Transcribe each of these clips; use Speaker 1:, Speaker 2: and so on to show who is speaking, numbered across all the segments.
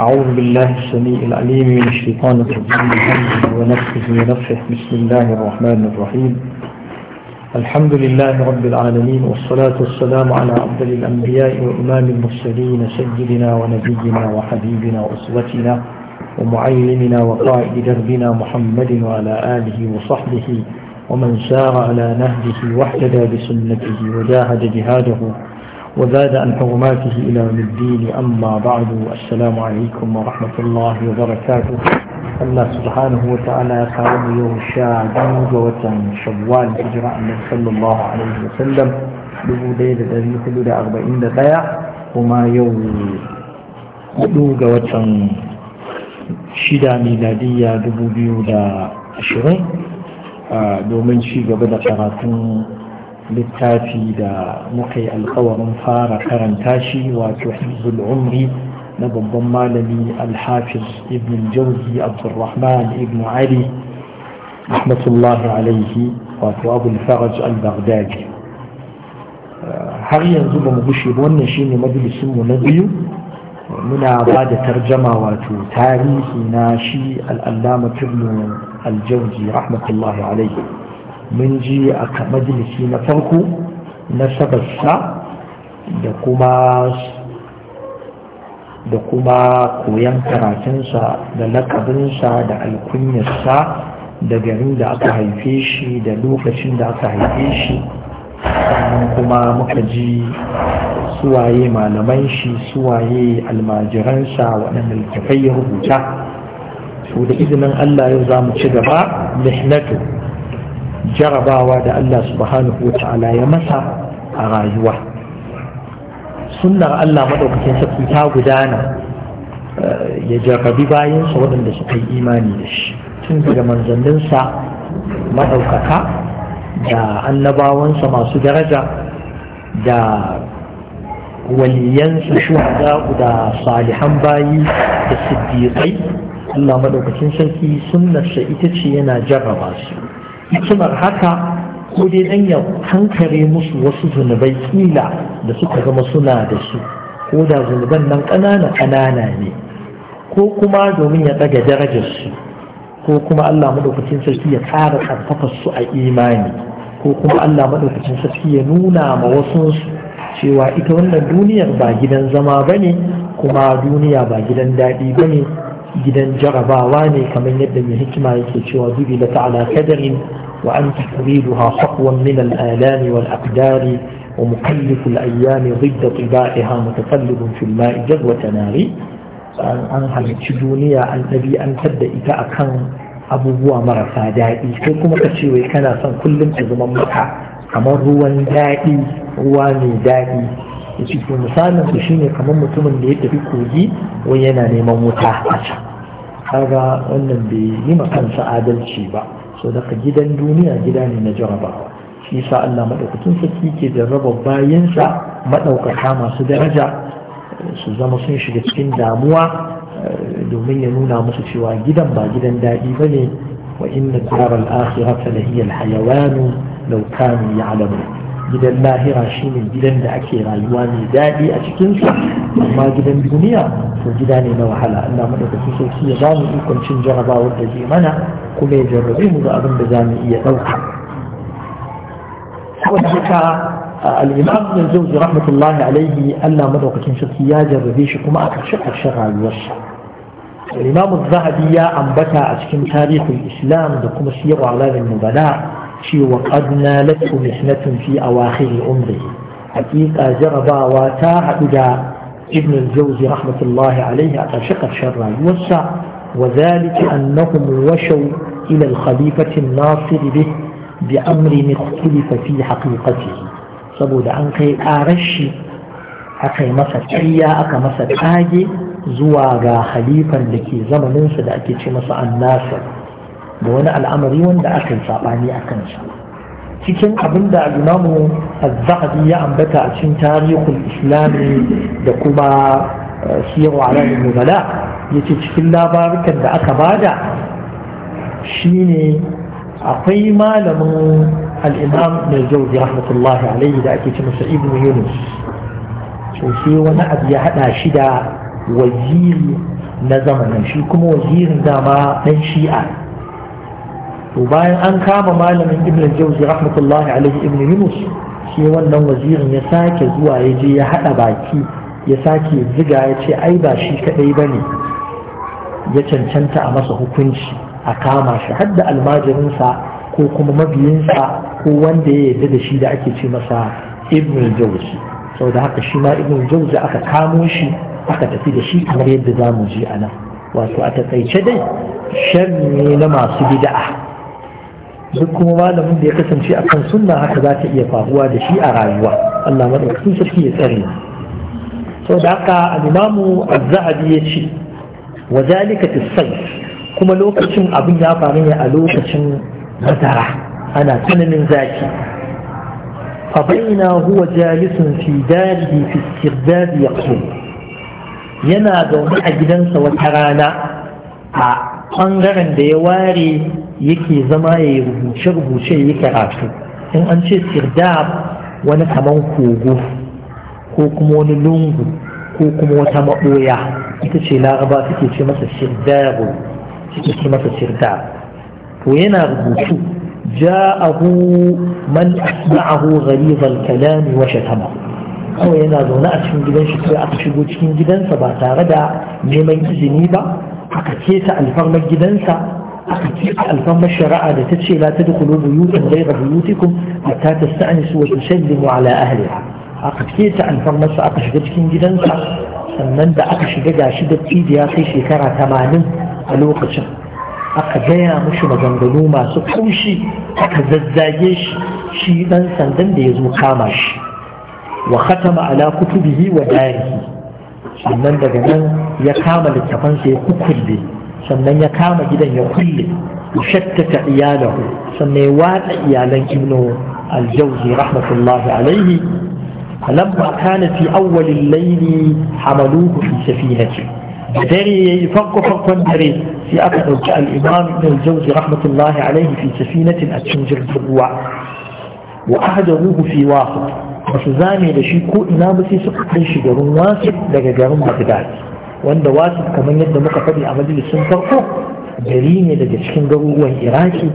Speaker 1: أعوذ بالله السميع العليم من الشيطان الرجيم ونفسه ونفسه بسم الله الرحمن الرحيم الحمد لله رب العالمين والصلاة والسلام على عبد الأنبياء وإمام المرسلين سيدنا ونبينا وحبيبنا وأسوتنا ومعلمنا وقائد دربنا محمد وعلى آله وصحبه ومن سار على نهجه واحتدى بسنته وجاهد جهاده وزاد عن حرماته إلى الدين أما بعد السلام عليكم ورحمة الله وبركاته الله سبحانه وتعالى قال يوم الشاعبين ووتن شوال إجراء النبي صلى الله عليه وسلم ببوديد الذي حدود أربعين دقيقة وما يوم حدود وتن شدة ميلادية دبوبيو دا عشرين دومين شي قبل قراتون littafi da muka yi alkawarin fara karanta shi wato hizbul umri na babban malami alhafiz ibn jauzi abdurrahman ibn ali rahmatullahi alaihi wato abul faraj al-baghdadi har yanzu ba mu gushe ba wannan shine mu na biyu muna ba da tarjama wato tarihi na shi al'allama ibn al-jauzi rahmatullahi alaihi mun ji a majalisi na farko na sabarsa da kuma da kuma koyon karatunsa da lakabinsa da alkunyarsa da garin da aka haife shi da lokacin da aka haife shi sannan kuma muka ji suwaye malaman shi suwaye almajiransa waɗanda littafai ya rubuta so da izinin allah yau za mu ci gaba mihnatu jarabawa da Allah subhanahu wa ta'ala ya masa a rayuwa sunnar Allah madaukakin sarki ta gudana eh, ya jarrabi bayansa waɗanda suka yi imani da shi tun daga manzanninsa maɗaukaka da annabawansa masu daraja da waliyansa shuhada da salihan bayi da siddiƙai Allah maɗaukacin sarki sunnarsa ita ce yana jarraba su hikimar haka ko dai dan ya hankare musu wasu zunubai kila da suka zama suna da su ko da zunuban nan ƙanana ƙanana ne ko kuma domin ya ɗaga darajar su ko kuma Allah madaukakin sarki ya ƙara karfafa su a imani ko kuma Allah madaukakin sarki ya nuna ma wasu cewa ita wannan duniyar ba gidan zama bane kuma duniya ba gidan daɗi bane gidan jarabawa ne kamar yadda mai hikima yake cewa dubi la ta'ala kadarin wa an tahwiluha khaqwan min al wal aqdari wa mukallif al-ayyam ضد طباعها متقلب في الماء جذوة an halarci duniya an ɗabi'antar da ita akan abubuwa marasa daɗi sai kuma ka ce kana son kullum ta zama maka kamar ruwan daɗi ruwa mai daɗi ya ce to misalin su shine kamar mutumin da ya tafi kogi wai yana neman wuta a can kaga wannan bai yi ma kansa adalci ba so daga gidan duniya gida ne na jarabawa shi sa Allah madaukakin saki ke jarraba bayansa madaukaka masu daraja su zama sun shiga cikin damuwa eh, domin ya nuna musu cewa gidan ba gidan daɗi ba ne wa inna daral akhirata lahiyal hayawan law kanu ya'lamun gidan lahira shi ne gidan da ake rayuwa mai daɗi a cikinsu amma gidan duniya to gida ne na wahala Allah madaukakin sarki ya ba mu ikon cin jarabawar da zai mana kuma ya jarrabe mu ga abin da za mu iya ɗauka saboda haka al-imam ibn jawzi rahmatullahi alaihi Allah madaukakin sarki ya jarrabe shi kuma a ƙarshe ƙarshen rayuwarsa الإمام الذهبي يا أنبتا أشكن تاريخ الإسلام دكما سير على النبلاء شي وقد نالته محنة في أواخر عمره حقيقة جربا وتاع إلى ابن الجوزي رحمة الله عليه أتشق شرا يوسع وذلك أنهم وشوا إلى الخليفة الناصر به بأمر اختلف في حقيقته سبود أنقي أرشي أقي مسا تريا أقي مسا تاجي زواغا خليفا لكي زمن سدأكي مسا الناصر da wani al'amari wanda aka yi saɓani a kansa cikin abin da al'imamu az ya ambata a cikin tarihul islami da kuma eh, siyarwa alamun mubala ya ce cikin labarukan da aka bada shine akwai malamin al'imam mai jauzi rahmatullahi alaihi da ake ce masa ibn yunus sosai wani abu ya hada shi da waziri na zamanin shi kuma wazirin dama dan shi'a to bayan an kama malamin ibn Jauzi, rahmatullahi alaihi ibn yunus shi wannan wazirin ya sake zuwa ya je ya hada baki ya sake ziga ya ce ai ba shi kadai bane ya cancanta a masa hukunci a kama shi har da almajirinsa ko kuma mabiyinsa ko wanda ya yarda da shi da ake ce masa ibn Jauzi. jawzi saboda haka shi ma ibn Jauzi aka kamo shi aka tafi da shi kamar yadda mu ji a nan wato a taƙaice dai shan ne na masu bid'a duk kuma malamin da ya kasance a kan sunna haka za ta iya faruwa da shi a rayuwa Allah maɗaukakin sarki ya tsare sau da haka al'imamu az-zahabi ya ce wa zalika tisai kuma lokacin abin ya faru ne a lokacin madara ana tsananin zaki فبينا huwa جالس في داره في استرداد يقتل yana zaune a gidansa wata rana a ɓangaren da ya ware yake zama ya yi rubuce-rubuce ya yi karatu in an ce sirdab wani kaman kogo ko kuma wani lungu ko kuma wata maɓoya ita ce laraba suke ce masa shirdabu suke ce masa sirdab to yana rubutu جاءه من أسمعه غليظ الكلام وشتمه kawai yana zaune a cikin gidan shi sai aka shigo cikin gidansa ba tare da neman izini ba aka alfarmar gidansa aka keta alfarmar shari'a da ta ce la ta dukulu buyutan gaira buyutikum hatta tasta'nisu wa tusallimu ala ahliha aka keta alfarmar su aka shiga cikin gidansa sannan da aka shiga gashi da cibiya kai shekara tamanin a lokacin aka gaya mushi maganganu masu ƙushi, aka zazzage shi shi dan sandan da ya zo kama shi wa khatama ala kutubihi wa darihi sannan daga nan ya kama littafansa ya kulle sannan ya kama gidan ya kulle ya shattaka iyalahu sannan ya wada iyalan ibnu aljawzi rahmatullah alaihi lam ma kana fi awwal al hamaluhu fi safihati dare yayi farko farkon dare sai aka ɗauki al-imam ibn al-jawzi rahmatullah alaihi fi safinatin a cikin jirgin ruwa wa ahdaruhu fi wasat ba zame da shi ko ina ba sai suka kai shi garin wasu daga garin bagdad wanda wasu kamar yadda muka faɗi a majalisun farko gari ne daga cikin garuruwan iraki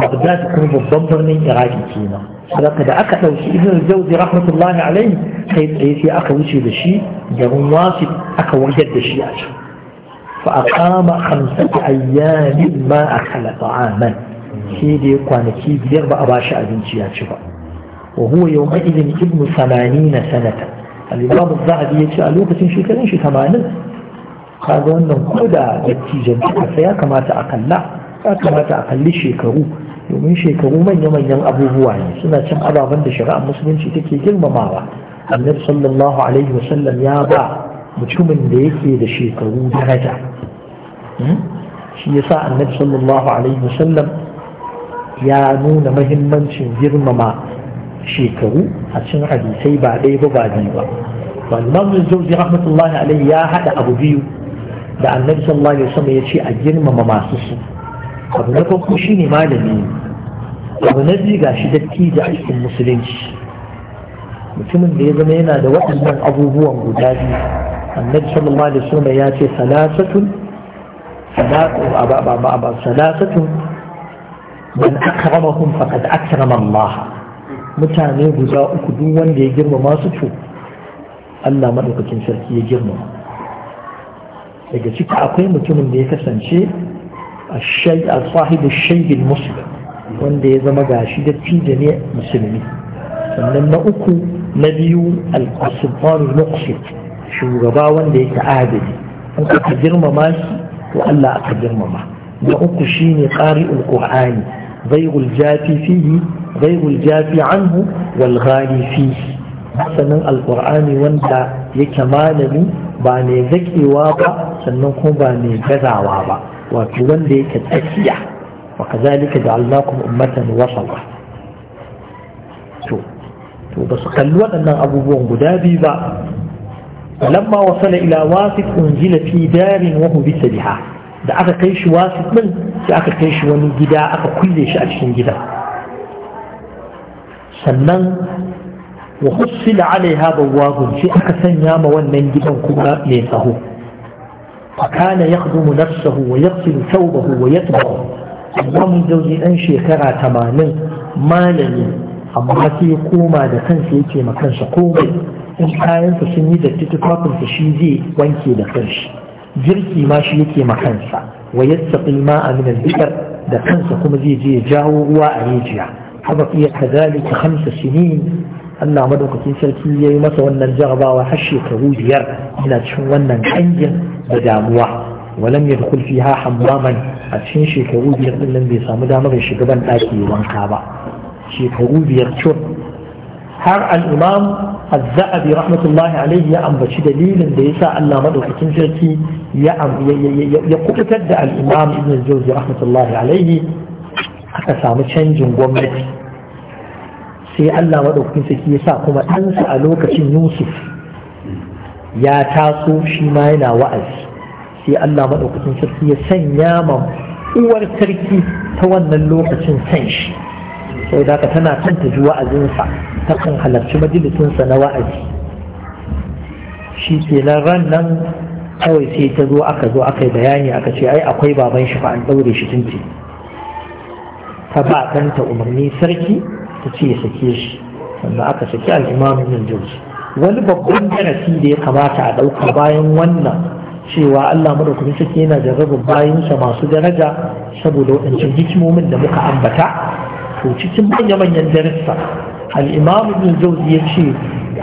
Speaker 1: bagdad kuma babban birnin iraki kenan saboda da aka ɗauki ibn jauzi rahmatullahi alaihi kai tsaye sai aka wuce da shi garin wasu aka wajar da shi a can فأقام خمسة sai dai kwanaki biyar ba a بيغ abinci ya ci ba وهو يومئذ ابن ثمانين سنة الإمام الزعدي يتسألوك تنشي كنشي ثمانة قالوا أنه كدا نتيجة فيا كما تأقل لا كما تأقل شيكرو يومين شيكرو من يمن يم أبو بواني سنة سن أبا بند شراء مسلم شتكي جلم مارا النبي صلى الله عليه وسلم يا با مجتمع ليك يد شيكرو درجة شيساء النبي صلى الله عليه وسلم يا نون مهمن شيكرو مارا shekaru a cikin hadisai ba ɗaya ba ba biyu ba wannan zauzi rahmatullahi alaihi ya haɗa abu biyu da annabi sallallahu alaihi wasallam ya ce a girmama masu su abu na farko shine malami abu na biyu gashi dattijo a cikin musulunci mutumin da ya zama yana da waɗannan abubuwan guda biyu annabi sallallahu alaihi wasallam ya ce salasatun salasatun man akramahum faqad akrama Allah mutane guda uku duk wanda ya girmama su to Allah maɗaukakin sarki ya girmama daga ciki akwai mutumin da ya kasance a sahibu shaibin musulun wanda ya zama gashi da da ne musulmi sannan na uku na biyu al-asibbarul muqsit shugaba wanda ya adali in ka girmama shi to Allah aka girmama na uku shine Al-ƙur'ani. غير الجافي فيه غير الجافي عنه والغالي فيه sannan alkur'ani wanda yake malami ba mai zakewa ba sannan kuma ba mai gazawa ba wato wanda yake tsakiya wa kazalika ja'alnakum ummatan wasata to to ba su kalli waɗannan abubuwan guda biyu ba lamma wasala ila wasif unzila fi darin wa hubisa biha da aka kai shi wasu ɗin sai aka kai shi wani gida aka kulle shi a cikin gida sannan wa hussila alaiha bawwabun sai aka sanya ma wannan gidan kuma mai tsaho فكان يخدم نفسه ويغسل ثوبه ويطبخ amma mun zauji ɗan shekara tamanin malami amma sai koma da kansa yake ma kansa komai in kayansa sun yi datti tufafinsa shi zai wanke da kanshi jirki ma shi yake ma kansa wa yattaqi ma min al da kansa kuma zai je ya jawo ruwa a rijiya haba iya kadhalika khamsa sinin Allah madaukakin sarki ya yi masa wannan jarabawa har shekaru biyar ina cikin wannan kangin da damuwa walam ya dukul fiha hammaman a cikin shekaru biyar din nan bai samu damar shiga ban ɗaki wanka ba shekaru biyar co. har al’imam azza’abi rahmatullahi alaihi ya ambaci dalilin da ya sa Allah ya kubutar da al’imam ibn jauzi rahmatullahi alaihi aka samu canjin gwamnati sai Allah maɗaukakin ya sa kuma ɗansa a lokacin yusuf ya taso shi ma yana wa’azi sai Allah maɗaukakin sarki ya sanya uwar sarki ta wannan lokacin san sai ka tana son ta ji wa'azinsa ta kan halarci majalisinsa na wa'azi shi kenan ran nan kawai sai ta zo aka zo aka yi bayani aka ce ai akwai baban shi fa an ɗaure shi tunce ta ba kanta umarni sarki ta ce ya sake shi sannan aka saki al'imam ibn jauzi wani babban darasi da ya kamata a ɗauka bayan wannan cewa Allah madaukakin sarki yana jarraba bayansa masu daraja saboda waɗancan hikimomin da muka ambata توشي تمحي من يندرسها الإمام ابن الجوزي يمشي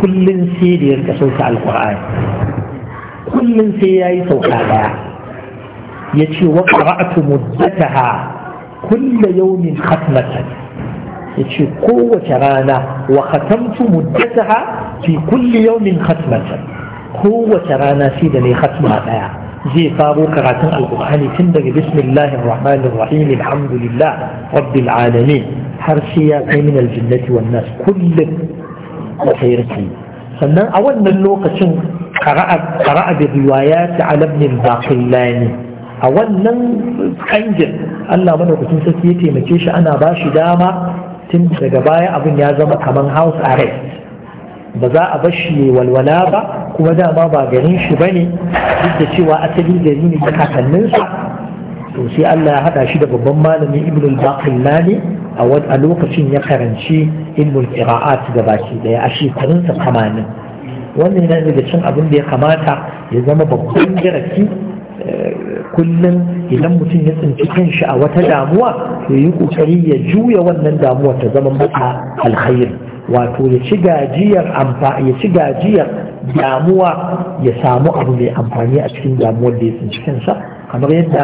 Speaker 1: كل سيدي يركسوك على القرآن كل سيدي يسوك على يتشي وقرأت مدتها كل يوم ختمة يتشي قوة رانا وختمت مدتها في كل يوم ختمة قوة رانا سيدني ختمة لها زي فابو قرأت القرآن تندق بسم الله الرحمن الرحيم الحمد لله رب العالمين har sai ya kai min aljinnati wan nas kullum da sayarki sannan a wannan lokacin qara'a bi riwayat ala ibn baqillani a wannan kangin Allah madaukakin sarki ya taimake shi ana ba shi dama tun daga baya abin ya zama kaman house arrest ba za a bar shi walwala ba kuma dama ba garin shi bane duk da cewa asali gari ne da kakanninsa to sai Allah ya haɗa shi da babban malami Ibn al-Baqillani a lokacin ya karanci ilmul qira'at da baki daya a shekarunsa tamanin wannan yana daga cin abin da ya kamata ya zama babban jaraki eh, kullum idan mutum ya tsinci kanshi a wata damuwa to yi kokari ya juya wannan damuwa ta zama mata alkhairi wato ya ci gajiyar ya ci gajiyar damuwa ya samu abu mai amfani a cikin damuwar da ya tsinci kansa kamar yadda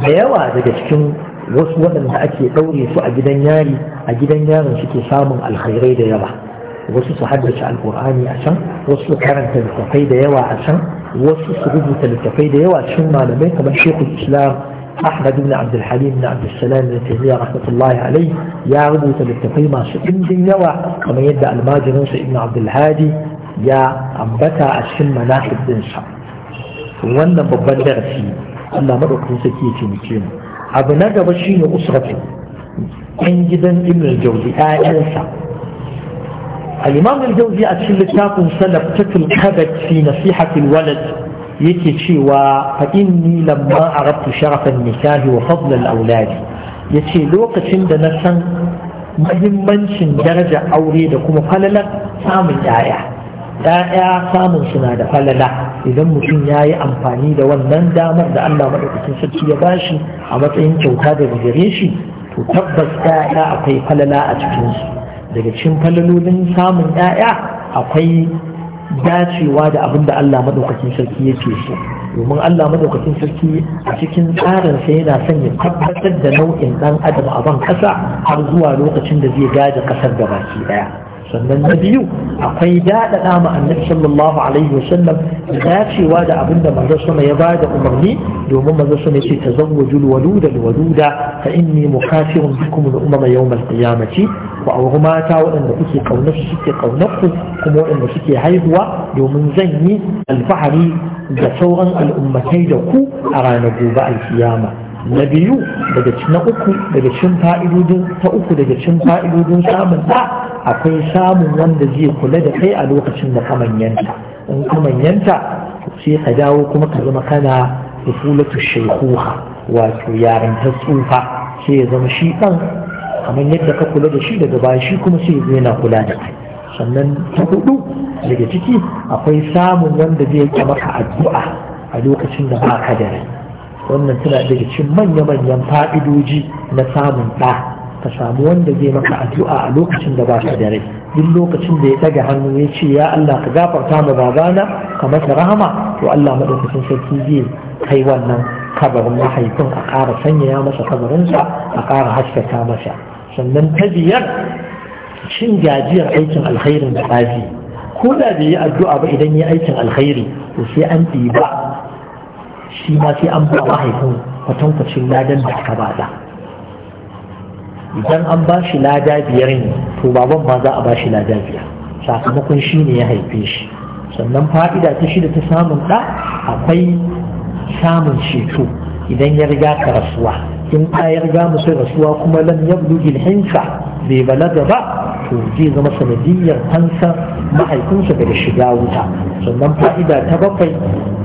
Speaker 1: da yawa daga cikin wasu waɗanda ake ɗaure su a gidan yari a gidan yaron suke samun alkhairai da yawa wasu su haddace alkur'ani a can wasu su karanta littafai da yawa a can wasu su rubuta littafai da yawa cikin malamai kamar shekul islam ahmad ibn abdulhalim ibn abdulsalam ibn taymiyya rahmatullahi alai ya rubuta littafai masu ɗimbin yawa kamar yadda almajirin sa ibn abdulhadi ya ambata a cikin manaqib din sa wannan babban darasi Allah madaukakin sa ke ce abu na gaba shine usratu ɗan gidan ibn al-jawzi ƴaƴansa al-imam al-jawzi a cikin littafin salaftatul kabad fi nasihatil walad yake cewa fa inni lamma arabtu sharafan nikahi wa fadl al-awlad yace lokacin da na san mahimmancin daraja aure da kuma falalar samun 'ya'ya ya'ya samun suna da falala idan mutum ya yi amfani da wannan damar da Allah maɗaukacin sarki ya ba shi a matsayin kyauta daga gare shi to tabbas ya'ya akwai falala a cikinsu daga cikin falalolin samun ya'ya akwai dacewa da abin da Allah maɗaukacin sarki ya yake su. domin Allah maɗaukacin sarki a cikin tsarinsa yana son ya tabbatar da nau'in ɗan adam a ban ƙasa har zuwa lokacin da zai gaji ƙasar da baki ɗaya sannan na biyu akwai daɗaɗa ma annabi sallallahu alaihi wasallam da dacewa da abin da manzo sama ya bada umarni domin manzo sama ya ce tazawwaju alwaluda alwaluda fa inni mukafirun bikum al-umama yawm al-qiyamati wa auru mata waɗanda kuke kaunar su suke kaunar ku kuma waɗanda suke haihuwa domin zan yi alfahari da sauran al'ummatai da ku a ranar gobe alkiyama na biyu daga na uku daga cin fa'idodin ta uku daga cin fa'idodin samun da akwai samun wanda zai kula da kai a lokacin da ka manyanta in ka manyanta sai ka dawo kuma ka zama kana usulatu shaikuha wato yaren ta tsufa sai ya zama shi ɗan kamar yadda ka kula da shi daga baya shi kuma sai ya yana kula da kai sannan ta hudu daga ciki akwai samun wanda zai yi maka addu'a a lokacin da ba ka da rai wannan tana daga cikin manya-manyan fa'idoji na samun ɗa ka samu wanda zai maka addu'a a lokacin da ba ka da rai duk lokacin da ya daga hannu ya ce ya Allah ka gafarta ma babana ka masa rahama to Allah madaukakin sarki zai kai wannan kabarin mahaifin a ƙara sanyaya masa kabarinsa a ƙara haskaka masa sannan ta biyar cin gajiyar aikin alkhairin da tsafi ko da bai yi addu'a ba idan ya aikin alkhairi to sai an ɗiba shi ma sai an ba mahaifin kwatankwacin ladan da aka bada idan an ba shi lada biyar ne to baban ma za a ba shi lada biyar sakamakon shi ne ya haife shi sannan fa'ida ta shida ta samun ɗa akwai samun ceto idan ya riga ka rasuwa in ka ya riga musu rasuwa kuma lam bugi hinsa bai balaga ba to zai zama sanadiyyar fansar mahaifinsa daga shiga wuta sannan fa'ida ta bakwai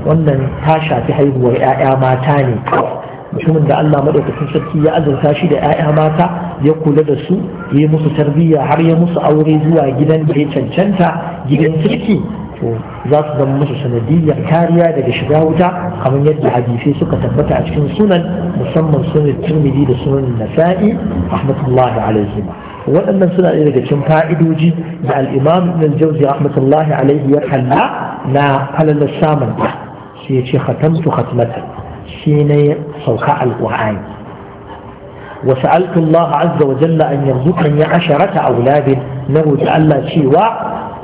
Speaker 1: wannan ta shafi haihuwar 'ya'ya mata ne mutumin da Allah madaukakin sarki ya azurta shi da 'ya'ya mata ya kula da su ya yi musu tarbiyya har ya musu aure zuwa gidan da ya cancanta gidan kirki to za su zama musu sanadiyyar kariya daga shiga wuta kamar yadda hadisai suka tabbata a cikin sunan musamman sunan turmidi da sunan nasa'i rahmatullahi alaihi waɗannan suna ɗaya daga cikin fa'idoji da al-imam ibn jawzi rahmatullahi alaihi ya kalla na halalar samun sai ya ce khatamtu khatmatan shi ne sauka alƙur'ani wasu altullah azza wa jalla an yarzukan ya asharata auladin na roƙi Allah cewa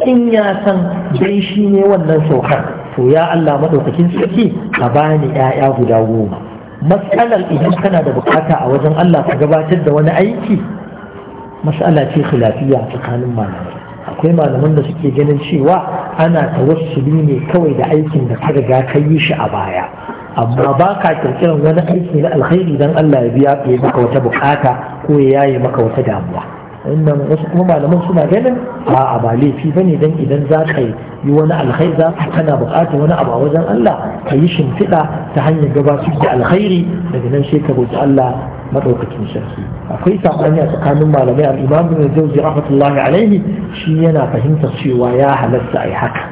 Speaker 1: in ya san dai shi ne wannan saukar to ya Allah maɗaukakin sarki ka bani ‘ya'ya guda goma matsalar idan kana da bukata a wajen Allah ka gabatar da wani aiki matsala ce khilafiya tsakanin malamai akwai malaman da suke ganin cewa ana tawassuli ne kawai da aikin da ka riga ka yi shi a baya amma ba ka wani aiki na alkhairi dan Allah ya biya ya maka wata bukata ko ya yaye maka wata damuwa wannan wasu kuma malaman suna ganin a ba laifi bane dan idan za ka yi wani alkhairi za ka kana bukatar wani abu a wajen Allah ka yi shimfiɗa ta hanyar gabatar da alkhairi daga nan sai ka Allah madaukakin sarki akwai sabani a tsakanin malamai al-imam ibn jawzi rahmatullahi alaihi shi yana fahimtar cewa ya halatta ai haka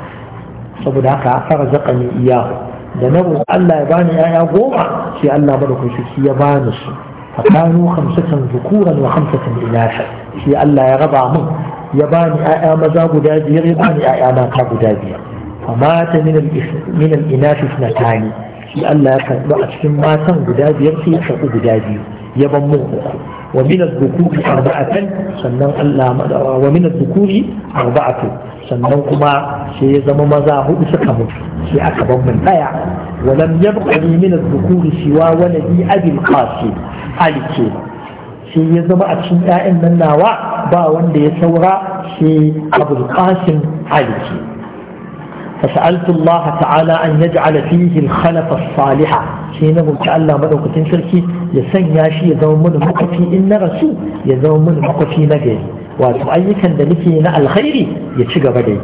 Speaker 1: saboda haka farzaqani iyahu da na roƙi Allah ya bani yaya goma sai Allah madaukaki ya bani su fakanu khamsatan zukuran wa khamsatan inasa sai Allah ya raba mun ya bani yaya maza guda biyar ya bani yaya mata guda biyar famata min al-inasi sunatani sai Allah ya karɓi a cikin matan guda biyar sai ya karɓi guda biyu ya ban mun uku wa min al-dhukuri arba'atan sannan Allah wa min al-dhukuri arba'atan sannan kuma shi ya zama maza hudu suka mutu shi aka ban min daya walam yabqa li min al-dhukur siwa waladi abi al-qasim ya zama a cikin ƴaƴan nan nawa ba wanda ya saura shi abu al-qasim ali ce ta'ala an yaj'al fihi al-khalafa as-saliha na mutu Allah madaukakin sarki ya sanya shi ya zama mana makafi in na rasu ya zama mana makafi na gari wato ayyukan da nake na alkhairi ya ci gaba da yi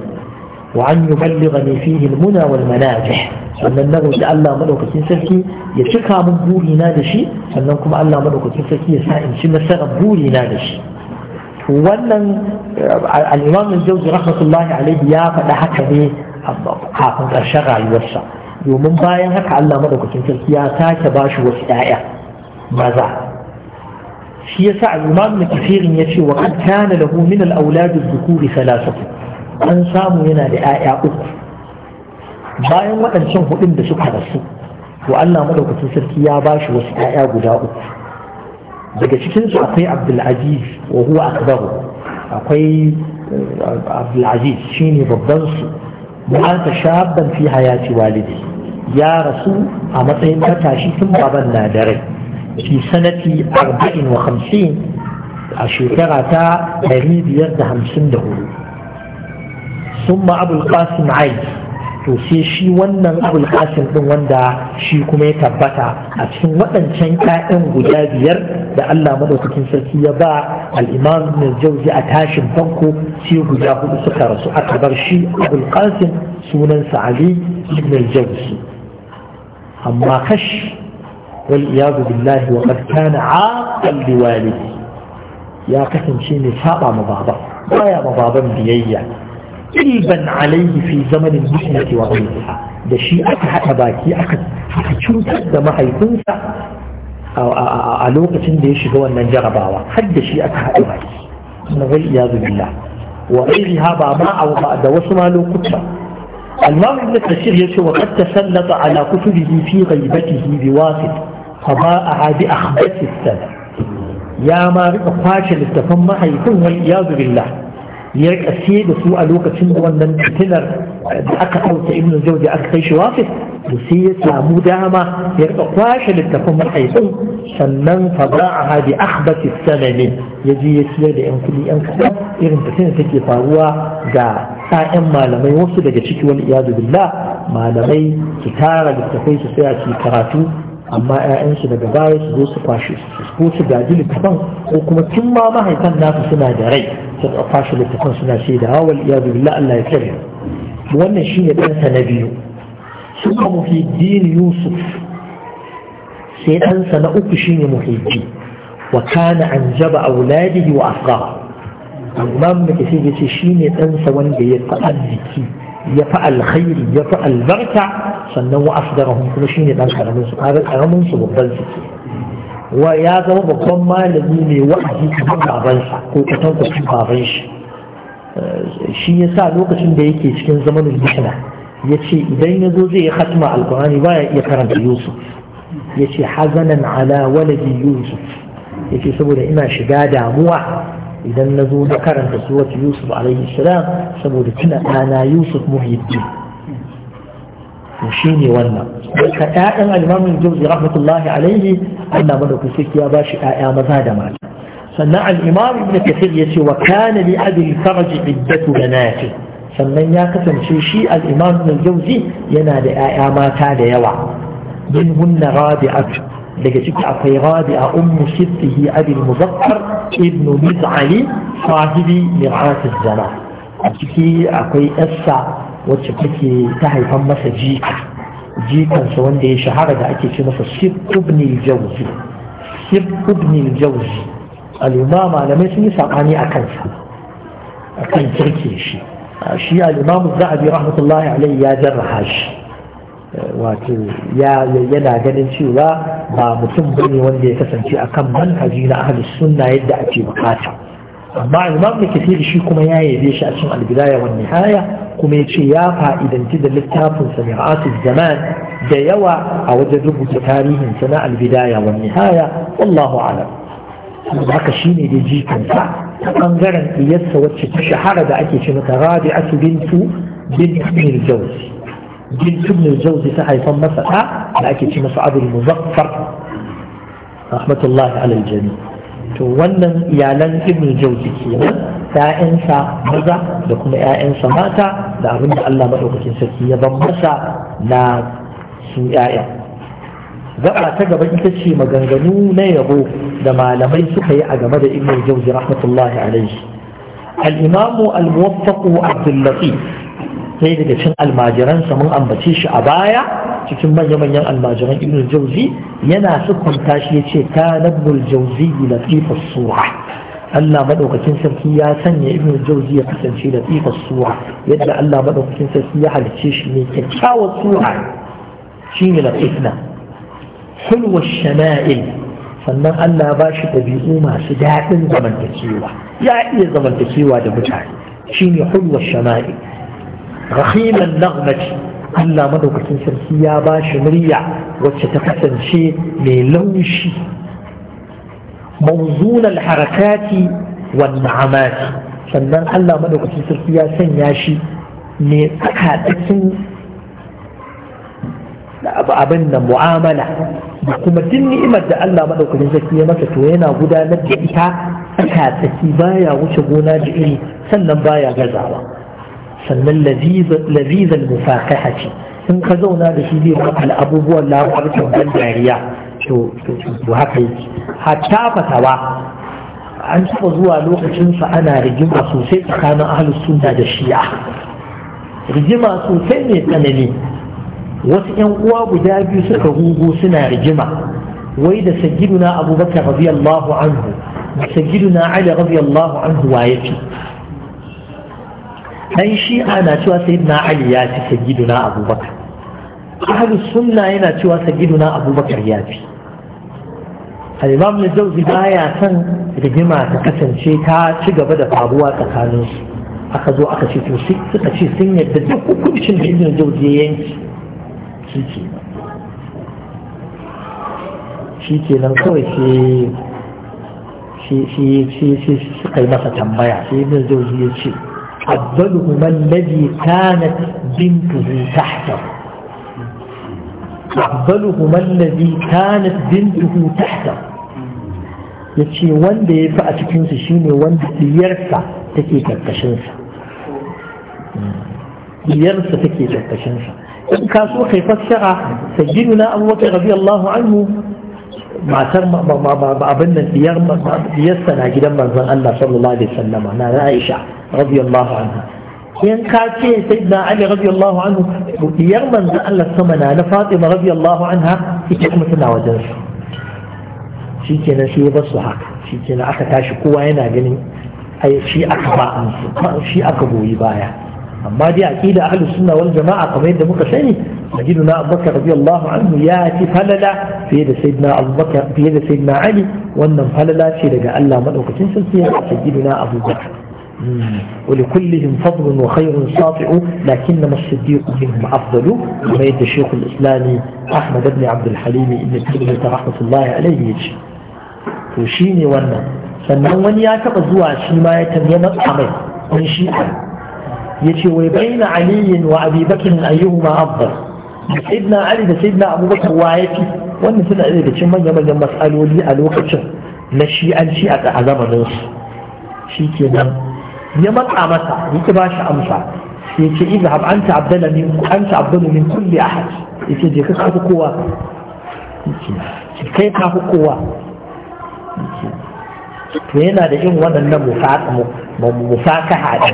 Speaker 1: wa an ne fihi ilmuna wal manajih sannan na roki Allah madaukakin sarki ya cika min burina da shi sannan kuma Allah madaukakin sarki ya sa in ci nasarar burina da shi wannan al-Imam al-Jawzi rahmatullahi alayhi ya faɗa haka ne kafin ƙarshen rayuwarsa domin bayan haka Allah madaukakin sarki ya sake bashi wasu 'ya'yan maza shi yasa al-imam ibn ya ce wa qad kana lahu min al-awlad adh an samu yana da 'ya'ya uku bayan waɗancan hudun da suka rasu wa Allah madaukakin sarki ya bashi wasu 'ya'ya guda uku daga cikinsu akwai abdulaziz wa huwa akbaru akwai eh, abdulaziz shine babban su Shaban shabban fi hayati walidi ya rasu a matsayin matashi tun baban na da rai في سنة 54 الشكرة تريد يردهم سنده ثم أبو القاسم عيد to sai shi wannan abul kasim din wanda shi kuma ya tabbata a cikin waɗancan ƴaƴan guda biyar da Allah madaukakin sarki ya ba al-Imam Jauzi a tashin farko sai guda hudu suka rasu aka bar shi abul kasim sunansa Ali ibn Jauzi amma kash والعياذ بالله وقد كان عاقا لوالده يا قسم شيء سابع مبابا ويا مبابا بيئيا إلبا عليه في زمن المحنة وغيرها ده شيء أكا باكي أكا تشوتا ده ما هيكونسا a lokacin da ya shiga wannan jarabawa har da aka haɗu baki na wal iyazu billah wa ghairiha ba ma aw da wasu ma lokuta al-imam ibn kasir yace wa qad tasallata ala fi ghaibatihi bi wasit faba'aha bi akhbati sana ya ma rika kwace littafan mahaifin wal iyadu billah ya rika siye da su a lokacin da wannan fitinar da aka ɗauke ibn jawdi aka kai shi wafis sai ya samu dama ya rika kwashe littafin mahaifin sannan faba'aha a akhbati sanani ya je ya siyar da yan kuɗi yan kaɗan irin fitinar take faruwa ga 'ya'yan malamai wasu daga ciki wal iyadu billah malamai su tara littafai su tsaya su karatu amma 'ya'yansu daga baya su zo su kwashe ko su gaji littafan ko kuma tun ma mahaifan nasu suna da rai su kwashe littafan suna ce da hawal iyadu billah Allah ya kare wannan shine ɗansa na biyu su ka muhiddin yusuf sai ɗansa na uku shine muhiddi wa kana an jaba auladihi wa afghara amma muke sai ya ce shine ɗansa wanda ya jiki ya fi alkhairi ya fi albarka sannan wa asdarahum kuma shine dan karamin su kaga karamin su babban su wa ya zama babban malami ne wa'azi kamar babansa ko kusan kusan baban shi eh, shi ya sa lokacin da yake cikin zamanin bishina ya ce idan yazo zai yi khatma alkurani baya iya karanta yusuf ya ce hazanan ala waladi yusuf ya ce saboda ina shiga damuwa idan na zo da karanta suwatu yusuf alaihi salam saboda tuna ɗana yusuf muhyiddin to shi ne wannan ka ɗaɗan alimamin jauzi rahmatullahi alaihi allah madaukakin ya ba shi ɗaya maza da mata sannan al'imamin ibn kafir ya ce wa kana li abin faraji iddatu da nafi sannan ya kasance shi al'imam ibn jauzi yana da ‘ya'ya mata da yawa min hunna rabi'atu daga ciki akwai a ummu shiddihi abi muzaffar ibnu miz'ali sahibi mir'atiz zama ciki akwai essa wacce take ta haifan masa jika jikan sa wanda ya shahara da ake ce masa shibnil jawzi shibnil jawzi al'umma malamai sun yi saɓani a kansa a kan kirke shi shi al-imam al'imam zahabi rahmatullahi alayhi ya jarraha shi wato ya yana ganin cewa ba mutum bane wanda ya kasance akan manhaji na ahlus sunna yadda ake bukata amma imam da kafiri shi kuma ya yabe shi a cikin albidaya wa nihaya kuma ya ce ya fa'idanci da littafin sami'atu zaman da yawa a wajen rubuta tarihin sa na albidaya wa nihaya wallahu alam haka shi ne da jikansa ta bangaren iyarsa wacce ta shahara da ake ce mata rabi'atu bintu bin ibn al-jawzi jin ibn jauzi ta haifan masa da ake ce masa abul muzaffar rahmatullah alal jami wannan iyalan ibn jauzi kenan ya'yansa maza da kuma ya'yansa mata da abinda Allah madaukakin sarki ya ban masa na su ya'ya gaba ta gaba ita ce maganganu na yabo da malamai suka yi a game da ibn jauzi rahmatullah alaihi al-imamu al-muwaffaq abdullatif sai daga cin almajiransa mun ambace shi a baya cikin manya-manyan almajiran ibn jauzi yana sukunta shi ya ce ta nabbul jauzi da latifar sura Allah maɗaukacin sarki ya sanya ibn jauzi ya kasance da suha yadda Allah maɗaukacin sarki ya halice shi ne kyakkyawar sura shi latifna hulwa shama'il sannan Allah ba shi ɗabi'u masu daɗin zamantakewa ya iya zamantakewa da mutane shi ne hulwa shama'il rakhilan naghmati Allah madaukakin sarki ya ba shi murya wacce ta kasance mai laushi mawzunal harakati wan na'amati sannan Allah madaukakin sarki ya sanya shi mai tsakatsakin abin da mu'amala da kuma duk ni'imar da Allah madaukakin sarki ya masa to yana gudanar da ita tsakatsaki baya wuce gona da sannan baya gazawa sannan lazizan mufakaha ce in ka zauna da shi zai kwakwala abubuwan lafarkin ban dariya to haka yake hatta fatawa an taɓa zuwa lokacinsa ana rigima sosai tsakanin ahalus sunna da shi'a rigima sosai mai tsanani wasu yan uwa guda biyu suka rugo suna rigima wai da sagiduna abubakar radiyallahu anhu da sagiduna ali radiyallahu anhu wa yafi dan shi'a na cewa sayyidina ali ya ci sayyiduna abubakar ahlus sunna yana cewa sayyiduna abubakar ya fi al-imam al-jawzi baya son rigima ta kasance ta ci gaba da faruwa tsakanin su aka zo aka ce sai suka ce sun yadda duk hukuncin da ibn jawzi ya yanki shi ke shi ke nan kawai ce shi shi shi shi suka masa tambaya sai ibn jawzi ya ce أفضلهما الذي كانت بنته تحته أفضلهما الذي كانت بنته تحته يتشي واند دي فأتكين سشيني واند دي يرسع تكي تكشنسا يرسع تكي تكشنسا إن كاسو خيفت شرع سجلنا أبو بكر رضي الله عنه matar abin nan diyar diyarsa na gidan manzon Allah sallallahu alaihi wasallama na Aisha radiyallahu anha in ka ce na Ali radiyallahu anhu diyar manzon Allah sama na na Fatima radiyallahu anha ita kuma tana wajen su shikenan sai ya bar su haka shikenan aka tashi kowa yana ganin ai shi aka ba an shi aka goyi baya amma dai aqida ahlus sunna wal jama'a kamar yadda muka sani سيدنا أبو بكر رضي الله عنه ياتي فللا في يد سيدنا أبو بكر في يد سيدنا علي وأنهم فللا في لقى الله مدعوك سيدنا أبو بكر ولكلهم فضل وخير ساطع لكنما الصديق منهم أفضل كما يد الشيخ الإسلامي أحمد بن عبد الحليم ابن رحمة الله عليه يجي وشيني وانا sannan wani ya taɓa zuwa shi ma ya tambaye na tsamai wani shi'a ya ce wai bai na aliyin wa ayyuhu ma sayyidina ali da sayyidina abubakar waye fi wannan suna da cikin manyan manyan matsaloli a lokacin na shi'anci a zamanin su shi ke nan. ya matsa masa yake ba shi amsa Ya ce iza hab anta abdala min anta abdalu min kulli ahad yace je ka kafa kowa kai ka fi kowa to yana da yin waɗannan musakaha da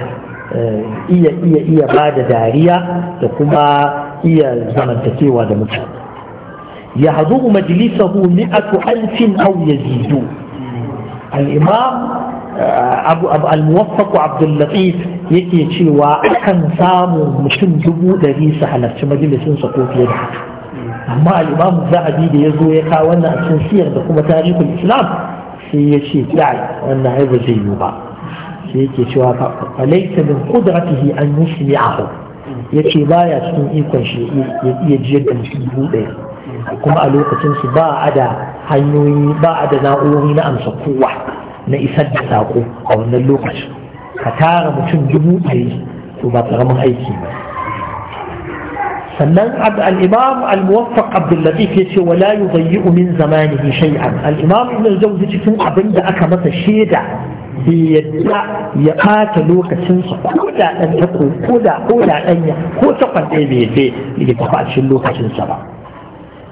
Speaker 1: iya iya iya ba da dariya da kuma iya zamantakewa da mutane ya hadu majalisahu mi'atu alfin aw yazidu al-imam abu abu al-muwaffaq abdul latif yake cewa akan samu mutum dubu ɗari su halarci majalisin sa ko fiye da haka amma al-imam zahabi da yazo ya kawo wannan a cikin siyar da kuma tarihul islam sai ya ce kai wannan ai ba zai yi ba sai yake cewa fa laysa min qudratihi an yusmi'ahu ya ce ba ya cikin ikon shi ya iya jiyar da mutum dubu ɗaya kuma a su ba a da hanyoyi ba a da na'urori na amsa kowa na isar da sako a wannan lokacin ka tara mutum dubu ɗaya to ba ƙaramin aiki ba sannan al'imam al-muwaffaq abdullatif ya ce wa la yi min zamanihi shay'an al-imam ibn al-jawzi cikin abin da aka masa shaida bai yadda ya ɓata lokacinsa ko da ɗan tako ko da ko da ɗanya ko takwan ɗaya bai yadda ya tafi a cikin lokacinsa ba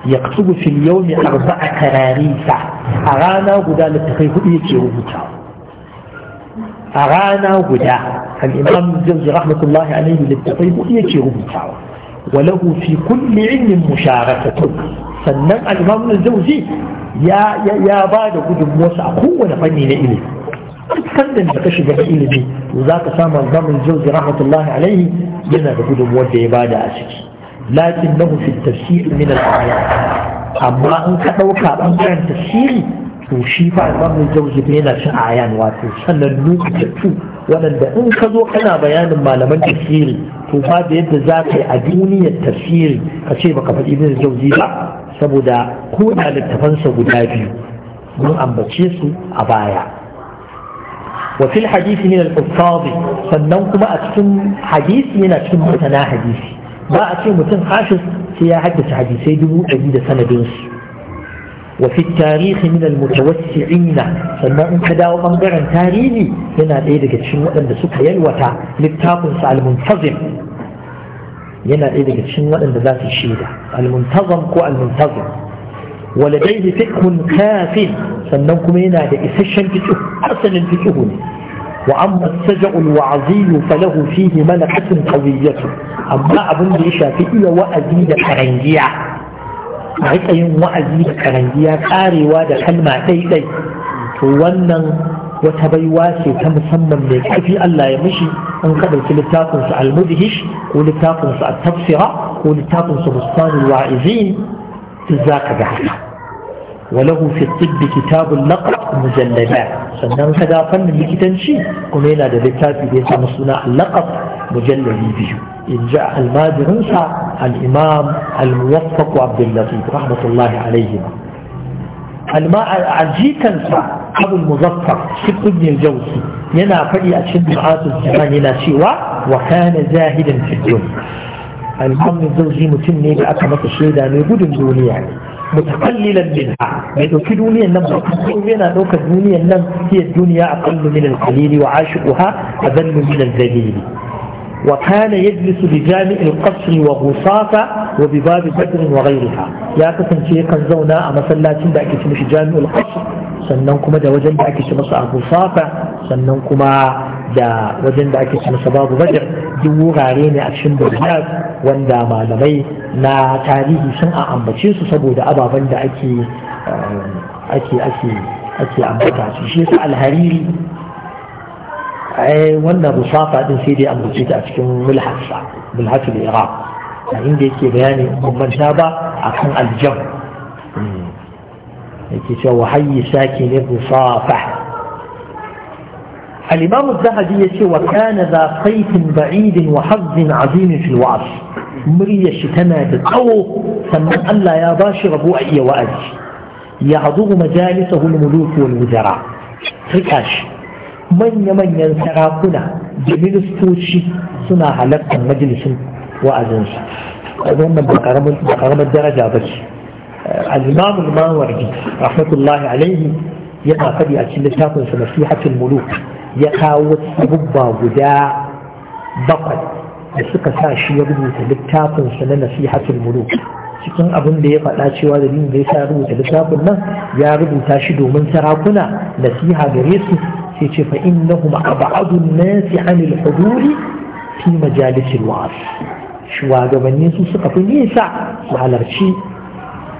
Speaker 1: ya kutubu fil yaumi arba a kararisa a rana guda littafai hudu yake rubuta a rana guda al'imam jirgi rahmatullahi alaihi littafai hudu yake rubutawa walahu fi kulli ilmin musharakatu sannan al'imam jirgi ya ba da gudunmuwarsa a kowane fanni na ilimi sannan da ka shiga da ilimi to za ka samu albamin jauzi rahmatullahi alaihi yana da gudunmuwar da ya bada a ciki lakin na fi tafsir min al amma in ka ɗauka bangaren tafsiri to shi fa albamin jauzi yana cin ayan wato sannan tu, waɗanda in ka zo kana bayanin malaman tafsiri to ba da yadda za ka yi a duniyar tafsiri ka ce baka faɗi min jauzi ba saboda ko da littafansa guda biyu mun ambace su a baya وفي الحديث من الحفاظ فانهم كما حديث من اكتم متنا حديث ما اكتم متن حافظ في حدث حديث يدبو عديد سنة دونس وفي التاريخ من المتوسعين فانهم كدا ومنبرا تاريخي هنا ايضا كتشنو ان سكا يلوتا للتاقنس على المنتظم هنا ايضا كتشنو ان ذات الشيدة المنتظم كو المنتظم ولديه فقه كافي فانهم كمينا لإسشن كتشوه حسن كتشوه وأما السجع الوعظي فله فيه ملكة قوية أما أبن ليشا وأزيد كرنجية عيك يوم وأزيد كرنجية كاري وادا كلمة تيتي وانا وتبيوا سي كم سمم من كفي الله يمشي أن قبل في لتاقنس المدهش ولتاقنس التبصرة ولتاقنس سبستان الواعظين ذاك بحث وله في الطب كتاب اللقب مجلدات sannan ka ga fannin likitanci kuma yana da littafi da ya samu suna allaqab mujallali biyu in ji almajirinsa al-imam al-muwaffaq abdul latif rahmatullahi alayhi aljikansa abul muzaffar shi ibn jawzi yana faɗi a cikin du'atul zaman yana cewa wa kana zahidan fi dunya al-imam jawzi mutum ne da aka masa shaida mai gudun duniya ne mutakallilan minha bai dauki duniyan nan ba ko yana dauka duniyan nan hiya duniya aqallu min al-qalili wa ashiquha adallu min al-dalili wa kana yajlisu bi jami' al-qasr wa ghusafa wa bi bab badr ya kasance kan zauna a masallacin da ake cin shi jami' al-qasr sannan kuma da wajen da ake ci masa a ghusafa sannan kuma da wajen da ake masa babu badar duk wurare ne a cikin bagdad wanda malamai na tarihi sun a ambace su saboda ababen da ake ake ake ake ambata su shi yasa alhariri ai wannan rusafa din sai dai ambace ta a cikin mulhasa mulhasul iraq a inda yake bayani bambanta ba akan aljam yake cewa hayyi sakin rusafa الإمام الذهبي يشي وكان ذا صيف بعيد وحظ عظيم في الوعظ مريا شتنا تتقو سمع ألا يا باشر أبو أي وأج يحضر مجالسه الملوك والوزراء فكاش من يمن ينسرى جميل بمنستوشي سنا حلقا مجلس وأزنش أظن بقرم الدرجة بس الإمام الماوردي رحمة الله عليه يقع قد يأتي لتاكن في مسيحة الملوك ya kawo sabubba guda bakwai da suka sa shi ya rubuta littafinsa na nasihatul muluk cikin abin da ya faɗa cewa da da ya sa rubuta littafin nan ya rubuta shi domin sarakuna nasiha gare su sai ce fa innahum ab'adun nasi anil huduri fi majalisil wa'az shugabanni su suka fi nisa su halarci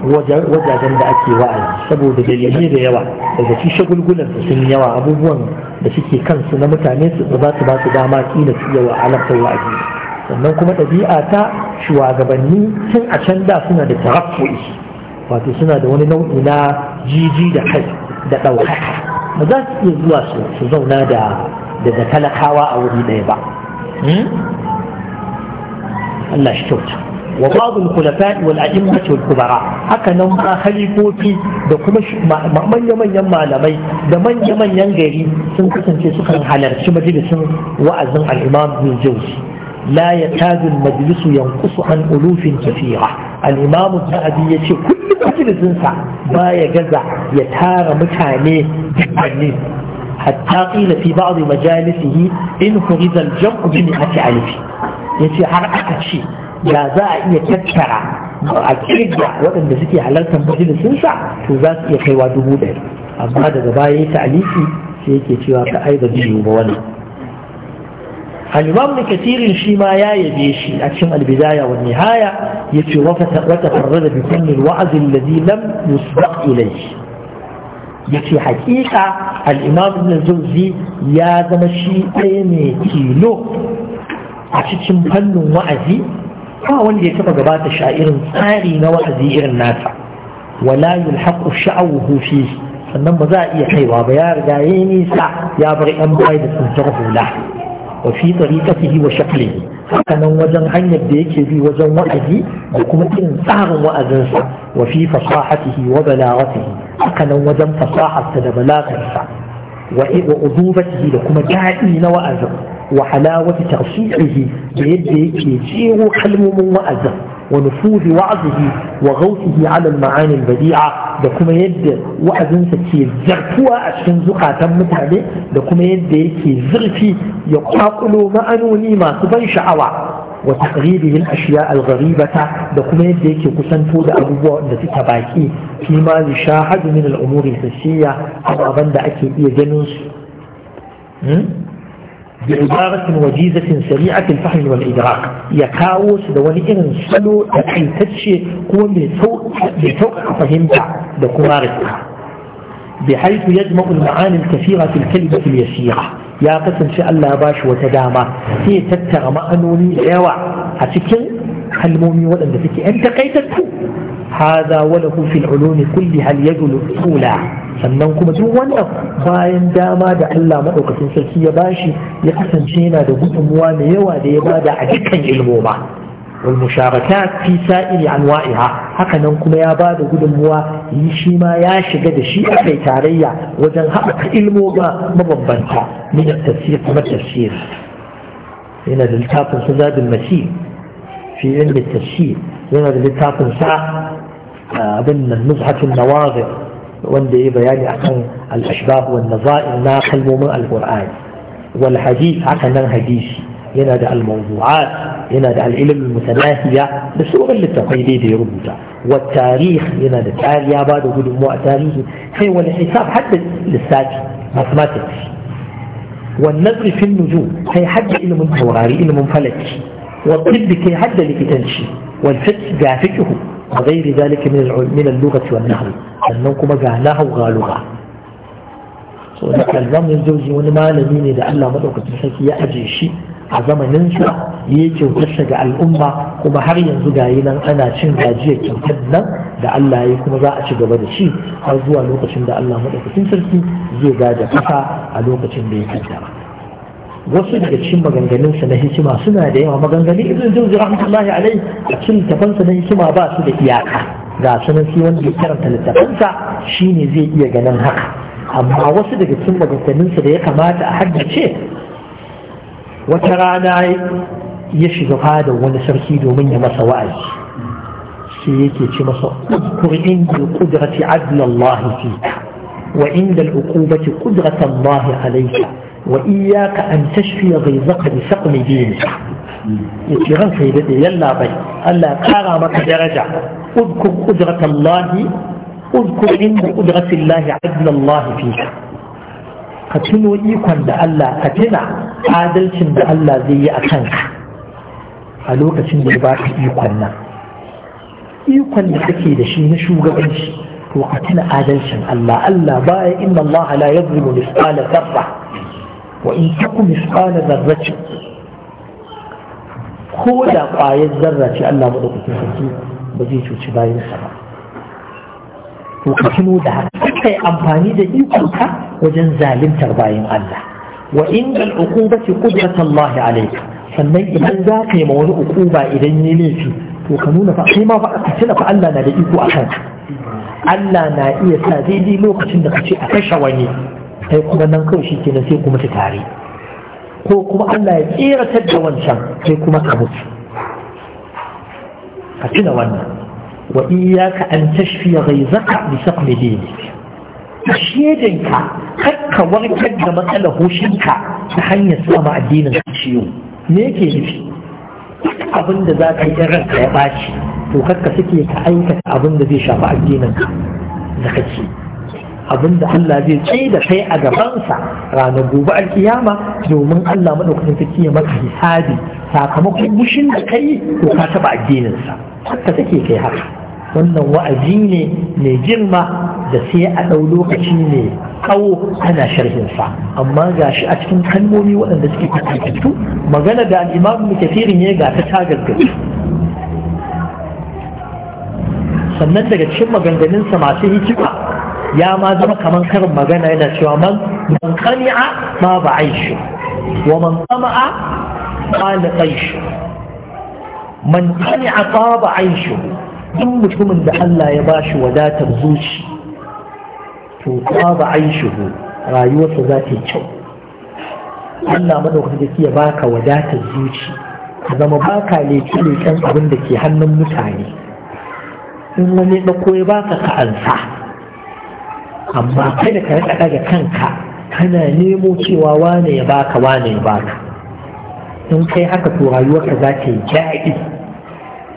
Speaker 1: wajajen da ake wa'azi saboda dalilai da yawa daga ci shagulgulan su sun yawa abubuwan da suke kansu na mutane su ba su ba su dama kila su yawa alamtar wa'azi sannan kuma ɗabi'a ta shugabanni tun a can da suna da tarafu'i wato suna da wani nau'i na jiji da kai da ɗaukaka ba za su iya zuwa su zauna da da talakawa a wuri ɗaya ba hmm? Allah shi kyauta wa babu kulafa wal a'immatu wal kubara haka nan ma khalifoti da kuma manyan manyan malamai da manyan manyan gari sun kasance sukan halarci majalisin wa'azin al-imam bin jawzi la yakadu al-majlisu yanqusu an ulufin kathira al-imam yace kullum majalisin sa baya gaza ya tara mutane dukkanni hatta qila fi ba'd majalisihi in furiza al-jam'u bi 100 yace har aka ce da za a iya tattara a kirga waɗanda suke halartar majalisinsa to za su iya kaiwa dubu ɗaya amma daga baya ya ta'alifi sai yake cewa ka aiba biyu ba wannan al-imam kasirin shi ma ya yabe shi a cikin al-bidaya wa nihaya ce wata tafarrada da bikin al-wa'z alladhi lam yusbaq ilayhi yace hakika al-imam ibn ya zama shi ɗaya ne kilo a cikin fannin wa'azi ba wanda ya taba gabata shi a irin tsari na wa'azi irin nasa wala yulhaqu sha'awuhu fi sannan ba za a iya kaiwa ba ya riga yayi nisa ya bar yan bai da tsuntar hula wa fi tariqatihi wa shaklihi hakanan wajen hanyar da yake bi wajen wa'azi da kuma irin tsarin wa'azinsa wa fi fasahatihi wa balaghatihi hakanan wajen fasaharsa da balagarsa wa ububatihi da kuma daɗi na wa'azin wa halawati tafsihi da yadda yake jero kalmomin wa'azin wa nufuzi wa'azihi wa ghawsihi ala al-ma'ani da kuma yadda wa'azinsa ke zartuwa a cikin zukatan mutane da kuma yadda yake zurfi ya ƙwaƙulo ma'anoni masu ban sha'awa wa taqribihi al-ashya al da kuma yadda yake kusanto da abubuwan da suka baƙi, fi ma yushahadu min al-umuri al-hissiyya abin da ake iya ganin su hmm? بعبارة وجيزة سريعة الفهم والإدراك يكاوس دون إرن سلو تحي تتشي قوم بتوقع فهمت دكمارتها بحيث يجمع المعاني الكثيرة في الكلمة اليسيرة يا قسم شاء الله باش وتداما هي تتغمأنوني إيوع أتكل هل مؤمن ولا أنت أنت قيتك هذا وله في العلوم كلها اليد الأولى sannan kuma duk wannan bayan dama da Allah maɗaukacin sarki ya bashi ya kasance yana da gudunmuwa mai yawa da ya bada a dukkan ilmoma wal musharakat fi sa'iri anwa'iha haka nan kuma ya bada gudunmuwa yi shi ma ya shiga da shi akai tarayya wajen haɓaka ilmoma mabambanta min tafsir kuma tafsir yana da littafin sa zadul masih fi ilmi tafsir yana da littafin sa abin nan nuzhatun nawazir wanda ya bayani akan al-ashbah wal na kalmomin al Walhaji wal hadith haka nan hadisi yana da al-mawdu'at yana da al-ilm al-mutanahiya da sauran littafai dai da ya rubuta wa tarih yana da tariya ba da gudunmuwa a tarihi kai wani hisab hadda lissafi mathematics wa nazri fi nujum kai hadda ilmin taurari ilmin falaki wa tibbi kai hadda likitanci والفقه جاء فقه وغير ذلك من من اللغة والنحو sannan kuma ga nahau ga lugha so da kalzamin zauji wani malami ne da Allah madaukakin sarki ya ajiye shi a zamanin sa ya kyautarsa ga al'umma kuma har yanzu ga nan ana cin gajiyar kyautar nan da Allah ya kuma za a ci gaba da shi har zuwa lokacin da Allah madaukakin sarki zai gada kasa a lokacin da ya kaddara wasu daga cikin maganganunsa na hikima suna da yawa maganganun ibn jauzi rahmatullahi alai a cikin littafansa na hikima ba su da iyaka ga sunan sai wanda ya karanta littafansa shine zai iya ganin haka amma wasu daga cikin maganganunsa da ya kamata a haddace wata rana ya shiga fadar wani sarki domin ya masa wa'azi sai yake ce masa udkur inda qudrati adlallahi fika wa inda al'uqubati qudratan Allah alayka wa iyyaka an tashfiya ghaizaka bi saqmi dinika yace ran kai da yalla bai Allah kara maka daraja udkur qudrat Allah udkur inda qudrat Allah adla Allah fika ka tuno ikon da Allah ka tuna adalcin da zai yi a kanka a lokacin da baka ikon nan ikon da kake da shi na shugabanci to ka tuna adalcin Allah Allah baya inna Allah la yadhlimu mithqala dharra wa in taku misqala zarrace ko da ƙwayar zarrace Allah madaukakin sarki ba zai cuci bayansa ba to ka tuno da haka kai amfani da ikonka wajen zaluntar bayan Allah wa inda al'uqubati qudratu Allah alayka sannan idan za ka yi ma wani uquba idan yi laifi to ka nuna fa kai ma fa ka tuna fa Allah na da iko akan Allah na iya sa daidai lokacin da ka ce a kashe wani kai kuma nan kawai shi kenan sai kuma ta tare ko kuma Allah ya tseratar da wancan kai kuma ka mutu ka tuna wannan wa iyyaka an tashfiya ghaizaka bi saqmi dinik shedinka ka warkar da matsalar hushinka ta hanyar sama addinin ciwo me yake nufi abin da za ka yi ranka ya ɓaci to kakka suke ka aikata abin da zai shafi addinin ka da kake Abin da Allah zai ce da kai a gabansa ranar gobe alkiyama domin Allah madaukakin sarki ya maka hisabi sakamakon mushin da kai ko ka taba addininsa haka take kai haka wannan wa'azi ne mai girma da sai a ɗau lokaci ne kawo ana sharhinsa amma ga shi a cikin kalmomi waɗanda suke fitattu magana da al'imamu kafirin ya ga ta tagaggaci sannan daga cikin maganganunsa masu hikima ya ma zama kamar karin magana yana cewa man man qani'a ma ba'aishu wa man qama'a ma laqaishu man qani'a ta ba'aishu duk mutumin da Allah ya bashi wadatar zuci to ta ba'aishu rayuwarsa za ta yi kyau Allah madaukakin da ke baka wadatar zuci ka zama baka leke-leken abin da ke hannun mutane in wani ɗauko ya baka ka amma kada ka rika daga kanka kana nemo cewa wane ya baka wane ya baka in kai haka to rayuwarka za ta yi jaɗi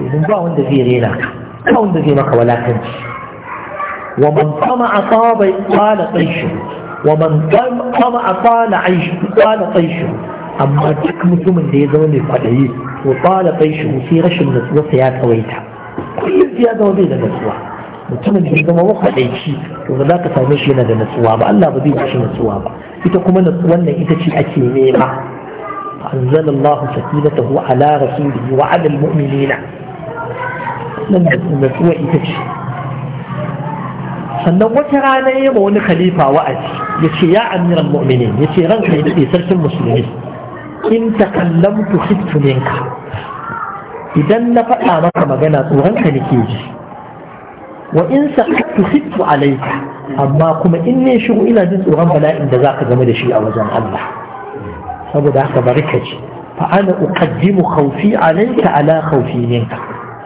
Speaker 1: domin ba wanda zai rena ka ba wanda zai maka walakanci wa man kama a tsaba tsala tsaishu wa man kama a tsala aishu tsala tsaishu amma duk mutumin da ya zama mai kwaɗayi to tsala tsaishu sai rashin natsuwarsa ya tsawaita kullum ya zama bai da natsuwa mutumin da kuma wuka zama shi to ba za ka same shi yana da nutsuwa ba Allah ba zai shi nutsuwa ba ita kuma wannan ita ce ake nema sakinatahu أنزل الله سكينته على رسوله وعلى المؤمنين nutsuwa ita ce sannan wata rana ya ba wani khalifa wa'azi ya ce ya amiran mu'minin ya ce ranka ya daɗe sarkin musulmi in ta kallamtu hittu minka idan na faɗa maka magana tsoron ka nake ji wa in saqatu sittu alayka amma kuma in ne shiru ina jin tsoron bala'in da zaka game da shi a wajen Allah saboda haka bari ka fa ana uqaddimu khawfi alayka ala khawfi minka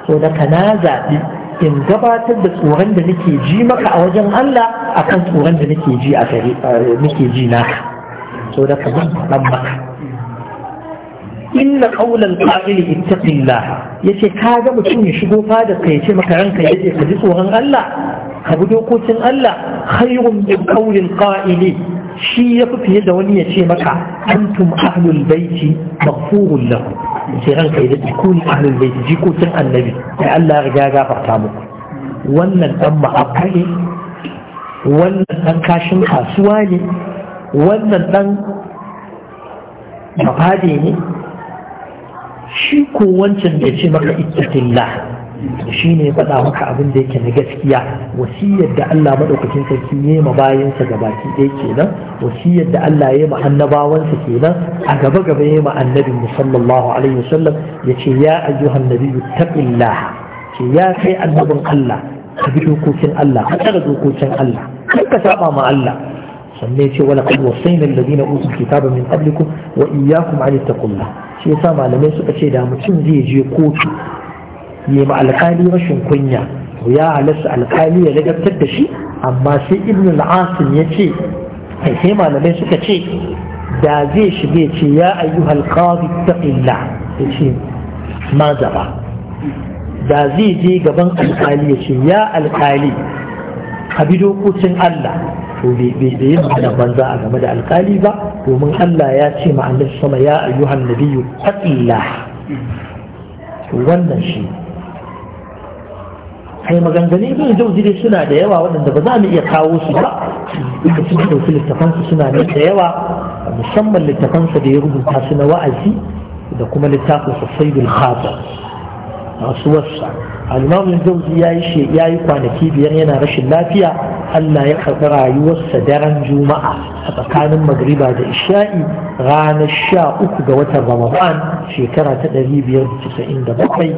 Speaker 1: saboda na zabi in gabatar da tsoron da nake ji maka a wajen Allah akan tsoron da nake ji a gare nake ji naka ka maka inna qawlan qa'ili ittaqillah yace ka ga mutum ya shigo fada ka yace maka ranka yace ka ji tsoron Allah ka bi dokokin Allah khayrun min qawlin qa'ili shi ya fi fiye da wani ya ce maka antum ahlul baiti maghfurun lahu ce ranka ya dace ku ne ahlul baiti jikokin annabi da Allah riga ya gafarta muku wannan dan ma'abba ne wannan dan kashin kasuwa ne wannan dan mafade ne shi ko wancan da ce maka ittaqillah shi ne faɗa maka abin da yake na gaskiya wasiyar da Allah maɗaukakin sarki ne ma bayansa ga baki ɗaya kenan wasiyar da Allah ya ma annabawansa kenan a gaba gaba ya ma annabin sallallahu alaihi wasallam ya ce ya ayyuhan nabiyyu taqillah ce ya kai annabin Allah ka bi dokokin Allah ka tsara dokokin Allah kar ka saba ma Allah sannan ya ce wala qad wasayna alladhina utul kitaba min qablikum wa iyyakum an ittaqullah shi yasa malamai suka ce da mutum zai je kotu ya ma alkali rashin kunya ya halasta alkali ya ladabtar da shi amma sai ibn al-asim ya ce sai malamai suka ce da zai shige ce ya ayyuhal qadi taqilla ya ce maza ba. da zai je gaban alkali ya ce ya alkali ka bi dokokin Allah to bai da magana banza a game da alkali ba domin Allah ya ce ma annabi sama ya ayyuhan nabiyyu taqillah wannan shi kai maganganu ibn jauzi suna da yawa waɗanda ba za mu iya kawo su ba duka sun ɗauki littafansu suna nan da yawa musamman littafansa da ya rubuta su na wa'azi da kuma littafin sayyidul khatam rasuwarsa almamin jauzi ya yi ya yi kwanaki biyar yana rashin lafiya Allah ya karɓi rayuwarsa daren juma'a a tsakanin magriba da isha'i ranar sha uku ga watan ramadan shekara ta ɗari biyar da casa'in da bakwai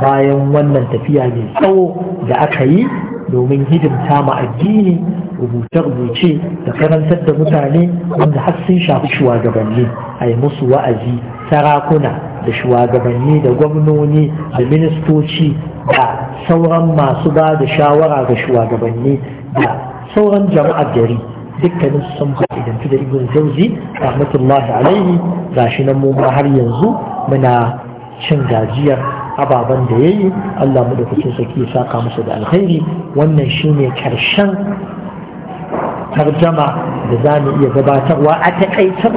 Speaker 1: bayan wannan tafiya mai tsawo da aka yi domin hidimta ma addini rubuce-rubuce da karantar da mutane wanda har sun shafi shuwagabanni, a yi musu wa'azi sarakuna da shugabanni da gwamnoni da ministoci da sauran masu ba da shawara ga shugabanni da sauran jama'ar gari dukkanin sun fa'idantu da ibn jauzi rahmatullahi alaihi shi nan mu har yanzu muna cin gajiyar ababen da yayi Allah mu da kuke saki sa saka musu da alkhairi wannan shine karshen tarjama da za mu iya gabatarwa a takaice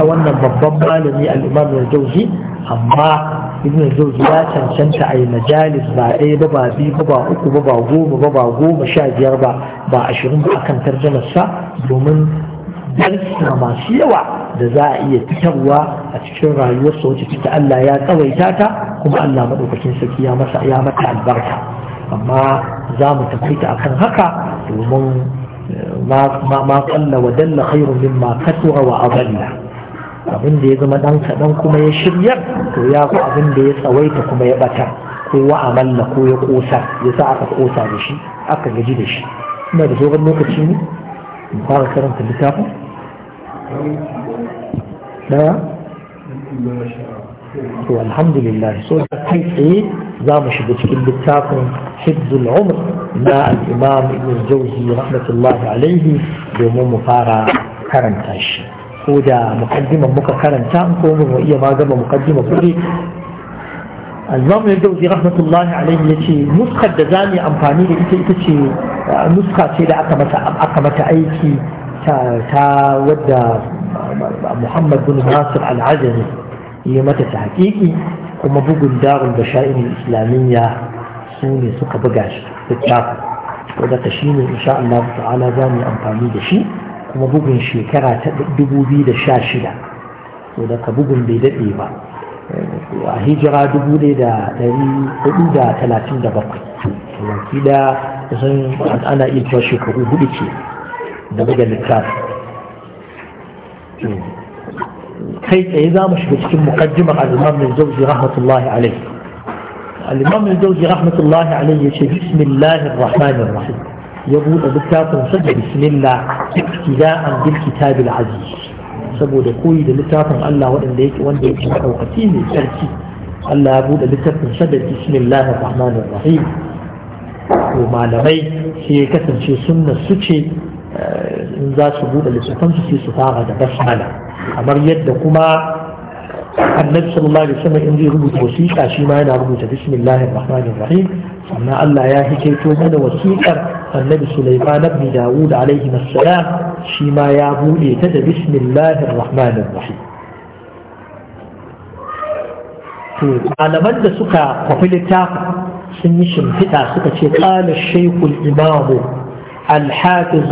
Speaker 1: ta wannan babban malami al'imam al-jauzi amma ibn al-jauzi ya cancanta a yi majalis ba ɗaya ba ba biyu ba ba uku ba ba goma ba ba goma sha biyar ba ba ashirin ba akan tarjamarsa domin darsa masu yawa da za a iya fitarwa a cikin rayuwarsa wacce ta Allah ya tsawaita ta kuma Allah maɗaukakin sarki ya masa ya mata albarka amma za mu tafaita akan haka domin ما ما قل ودل خير مما كثر وأضل abin da ya zama ɗan kaɗan kuma ya shirya to ya fi abin da ya tsawaita kuma ya ɓata ko wa amalla ko ya ƙosa ya sa aka ƙosa da shi aka gaji da shi ina da sauran lokaci ne in fara karanta littafin daya to alhamdulillah so da kai tsaye za mu shiga cikin littafin hibzul na al-imam ibn jawzi rahmatullahi alaihi domin mu fara karanta shi ko da muqaddiman muka karanta in ko mu iya ma gama muqaddima kudi al-imam al-dawzi rahmatullahi alayhi yace nuskar da zamu amfani da ita ita ce nuska ce da aka mata aka mata aiki ta ta wadda Muhammad bin Nasir al-Ajami ya mata ta hakiki kuma bugun darul bashair islamiyya su ne suka buga shi da wadda ta shine insha Allah ta'ala zamu amfani da shi kuma bugun shekara ta 2016 so daga bugun bai daɗe ba a hijira 1437 waki da sun ana iya cewa shekaru hudu ke da buga littafi kai tsaye za mu shiga cikin mukaddimar al'imam mai zauji rahmatullahi alaihi al'imam mai zauji rahmatullahi alaihi ya ce bismillahir rahmanir rahim ya buɗe littafin sa da bismillah ibtida'an bil kitabil aziz saboda koyi da littafin Allah wanda yake wanda yake madaukaki ne sarki Allah ya buɗe littafin sa da bismillahir rahmanir rahim to malamai sai ya kasance sunna su ce eh, in za su buɗe littafin su sai su fara da basmala kamar yadda kuma annabi sallallahu alaihi wasallam in zai rubuta wasiƙa shi ma yana rubuta bismillahir rahmanir rahim sannan Allah ya hikaito mana wasiƙar annabi Sulaiman ibn Dawud alaihi assalam shi ma ya bude ta da bismillahir rahmanir rahim to malaman da suka kwafi littafin sun yi shimfiɗa suka ce qala shaykhul imamu al-hafiz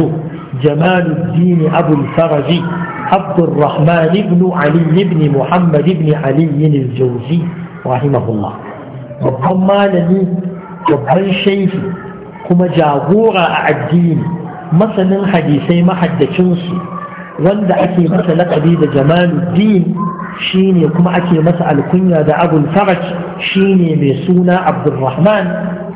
Speaker 1: jamaluddin abul faraji عبد الرحمن بن علي بن محمد بن علي الجوزي رحمه الله babban malami babban shaifi kuma jagora a addini masanin hadisai mahaddacinsu wanda ake masa laƙabi da jamaluddin shine kuma ake masa alkunya da abul faraj shine mai suna abdulrahman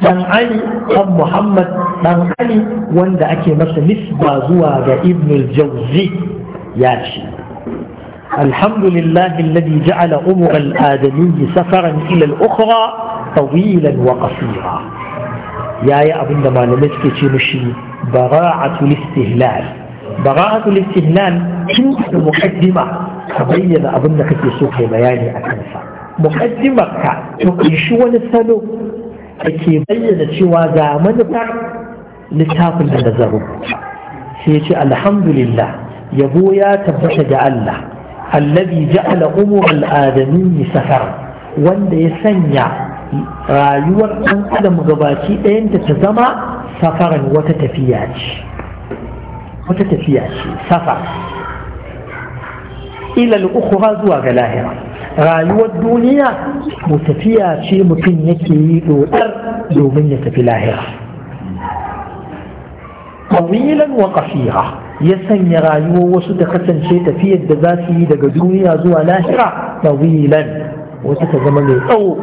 Speaker 1: dan ali dan muhammad dan ali wanda ake masa misba zuwa ga ibnul jauzi ياشي الحمد لله الذي جعل أمر الآدمي سفرا إلى الأخرى طويلا وقصيرا يا يا أبن ما لمسك تمشي براعة الاستهلال براعة الاستهلال كنت مقدمة تبين أبن كتسوك بياني أكنسا مقدمة تقشو ونسلو أكي بيّن شوى زامن لتاقل نزره سيتي الحمد لله يبو يا تبتش جعل الذي جعل أمور الآدمي سفر وان يسنع رايوة أن أدم غباتي أن تتزمع سفرا وتتفياج وتتفياج سفر إلى الأخرى زوى غلاهرة رايوة الدنيا متفياج ممكن يكيد وقر يومين يتفي لاهرة طويلا وقصيرا ya sanya rayuwar wasu ta kasance tafiyar da za su yi daga duniya zuwa lahira tawilan wasu ta zama mai tsawo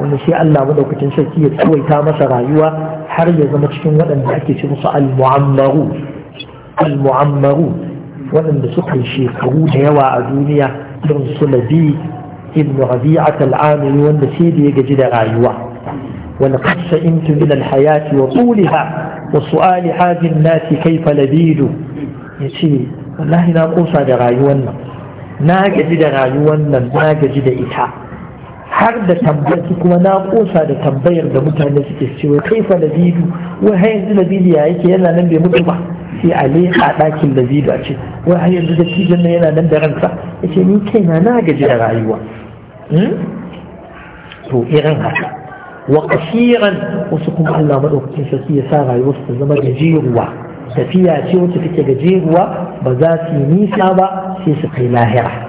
Speaker 1: wanda sai Allah madaukakin sarki ya tsawaita masa rayuwa har ya zama cikin waɗanda ake ce musu al-mu'ammaru al-mu'ammaru waɗanda suka yi shekaru da yawa a duniya irin su labi ibn rabi'a al-amiri wanda sai da ya gaji da rayuwa wani qad sa'imtu ila al-hayati wa tuliha Labidu? Ya ce. na kosa da كيف nan. Na gaji da قوسا nan. Na gaji da ita. har da tambayar kuma na kosa da tambayar da mutane suke cewa kaifa labidu wai har yanzu labidu ya yake yana nan bai mutu ba sai a leƙa ɗakin labidu a ce wai har yanzu da tijin nan yana nan da ransa ya ce ni kaina na gaji da rayuwa to irin haka wa wasu kuma Allah maɗaukacin sarki ya sa rayuwarsu ta zama gajeruwa tafiya ce wacce take gajeruwa ba za su yi nisa ba sai su kai lahira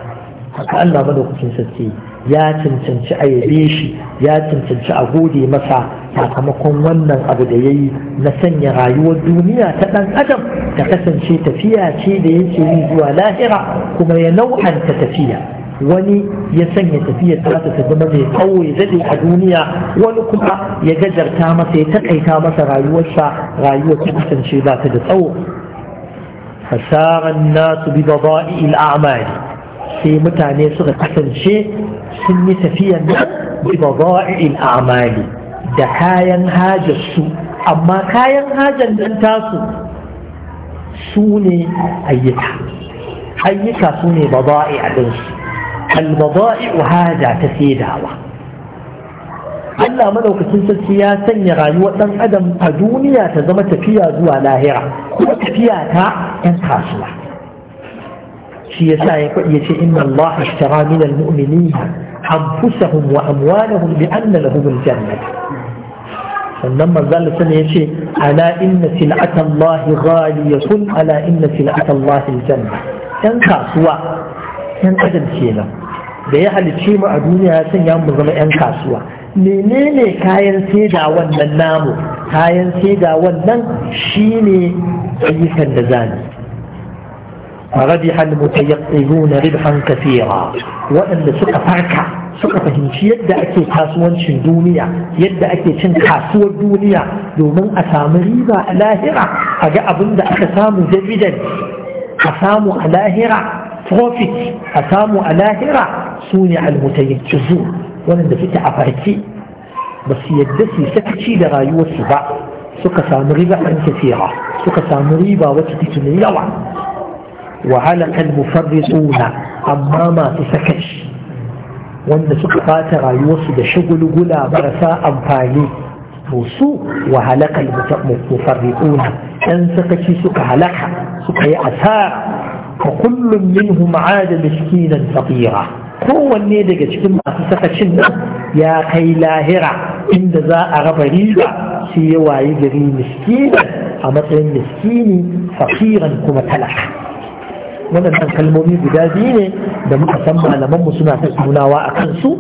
Speaker 1: haka Allah maɗaukacin sarki ya cancanci ayabe shi ya cancanci a gode masa sakamakon wannan abu da ya yi na sanya rayuwar duniya ta ɗan adam ta kasance tafiya ce da yake yi zuwa lahira kuma ya nau'anta tafiya wani ya sanya tafiyar ta ta zama mai tsawo ya daɗe a duniya wani kuma ya gajarta masa ya takaita masa rayuwarsa rayuwar ta kasance ba ta da tsawo fasaran nasu bi bada'i al'amali sai mutane suka kasance sun yi tafiyar nan bi bada'i al'amali da kayan hajasu, amma kayan hajar nan tasu su ne ayyuka ayyuka su ne bada'i a البضائع هذا تسيد الله ألا ملوك منوك سلسلسيا سنغاني وطن أدم أدونيا تزمت فيها زوا لاهرة كنت فيها تا انخاشنا شي يشاء إن الله اشترى من المؤمنين أنفسهم وأموالهم بأن لهم الجنة فلما زال سنة يشي ألا إن سلعة الله غالية على إن سلعة الله الجنة ينخاشوا ينخاشوا da ya halice mu a duniya ya sanya mu zama 'yan kasuwa menene kayan saida wannan namu kayan saida wannan shine ayyukan da zani فربح المتيقظون ربحا كثيرا waɗanda suka farka suka fahimci yadda ake kasuwancin duniya yadda ake cin kasuwar duniya domin a samu riba a lahira a ga abin da aka samu dividend a samu a lahira profit a samu a lahira صنع المتيجزون ولن دفت عفايتي بس يدسي سكتي لغاية وسبع سكسا مريبا عن كثيرا سكسا مريبا وكتتن يلا وعلق المفرطون أماما تسكش وان سكتا غاية وسبع شغل قلا برسا أمفالي وسوء وعلق المفرطون أن سكتي سك علق سكي أثار وكل منهم عاد مسكينا فقيرا kowanne daga cikin masu sakacin nan ya kai lahira inda za a raba riba sai ya wayi gari miskini a matsayin miskini fakiran kuma talaka waɗannan kalmomi guda biyu ne da muka san malamanmu suna tattaunawa a kansu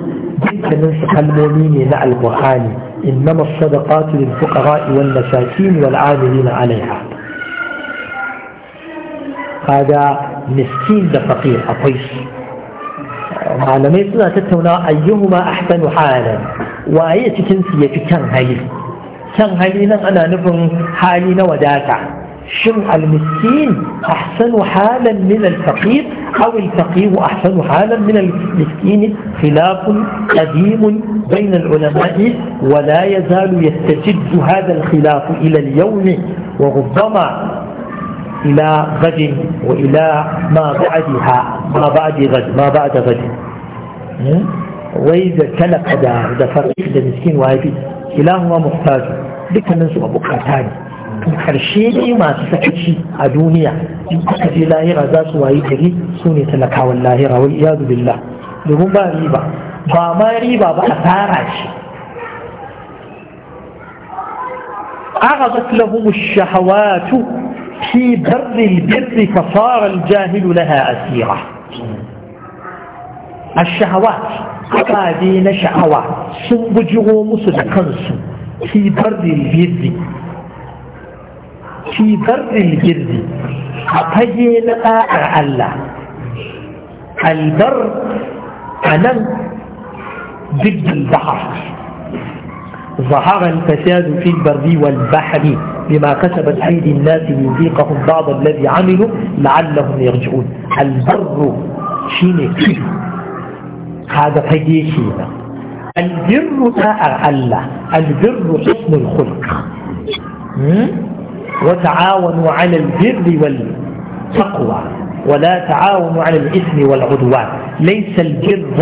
Speaker 1: dukkanin su kalmomi ne na alƙur'ani inna sadaqatu lil fuqara wal masakin wal amilina alaiha kaga miskin da fakir akwai su malamai suna tattauna ayyuhuma ahsanu halan waye cikin su yafi kyan hali kyan hali nan ana nufin hali na wadata shin almiskin ahsanu halan min alfaqir aw alfaqir ahsanu halan min almiskin khilaf qadim bain alulama wa la yazal yastajid hadha alkhilaf ila alyawm wa ربما إلى غد وإلى ما بعدها ما بعد غد ما بعد غد وإذا تلقى ده فريق ده مسكين وهيفي كلاهما محتاج duka nan su abokata ne tun karshe ne masu sakaci a duniya in aka je lahira za su wayi gari su ne talakawan lahira wai iyadu billah domin ba riba ba ma riba ba ce أغضت لهم الشهوات في بر البر فصار الجاهل لها أسيرة الشهوات قادين شهوات سنبجغوا مسدقنس في بر البر في بر البر أقين آع الله البر أنا ضد البحر ظهر الفساد في البر والبحر بما كسبت أيدي الناس ليذيقهم بعض الذي عملوا لعلهم يرجعون البر شيني هذا فجي شينا البر تاء الله البر حسن الخلق وتعاونوا على البر والتقوى ولا تعاونوا على الإثم والعدوان ليس البر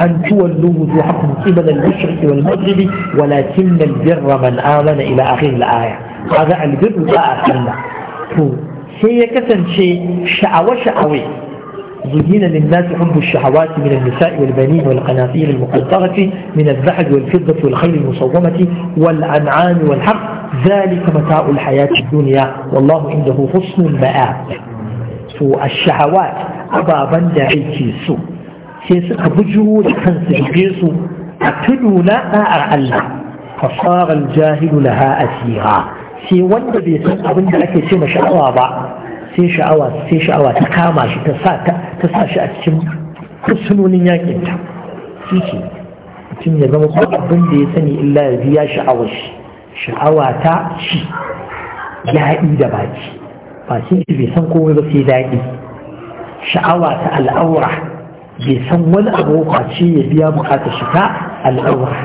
Speaker 1: أن تولوا وجوهكم قبل المشرق والمغرب ولكن البر من آمن إلى آخر الآية هذا البر لا أقل sallah to sai ya شعوة sha'awa زين للناس حب الشهوات من النساء والبنين والقناطير المقنطرة من الذهب والفضة والخيل المصومة والأنعام والحق ذلك متاع الحياة الدنيا والله عنده حسن المآب الشهوات أبا بند عيكي سوء سيسك بجو لكن سيجيسو أتدو لا أعلى فصار الجاهل لها أسيرا sai wanda bai san abin da ake ce ma sha'awa ba sai sha'awa sai sha'awa ta kama shi ta sa ta sa shi a cikin fursunonin yakin ta shi ce. mutum ya zama ba abin da ya sani illa ya biya sha'awa shi sha'awa ta shi yaɗi da baki bakin shi bai san komai ba sai daɗi sha'awa ta al'aura bai san wani abu face ya biya bukatar shi ta al'aura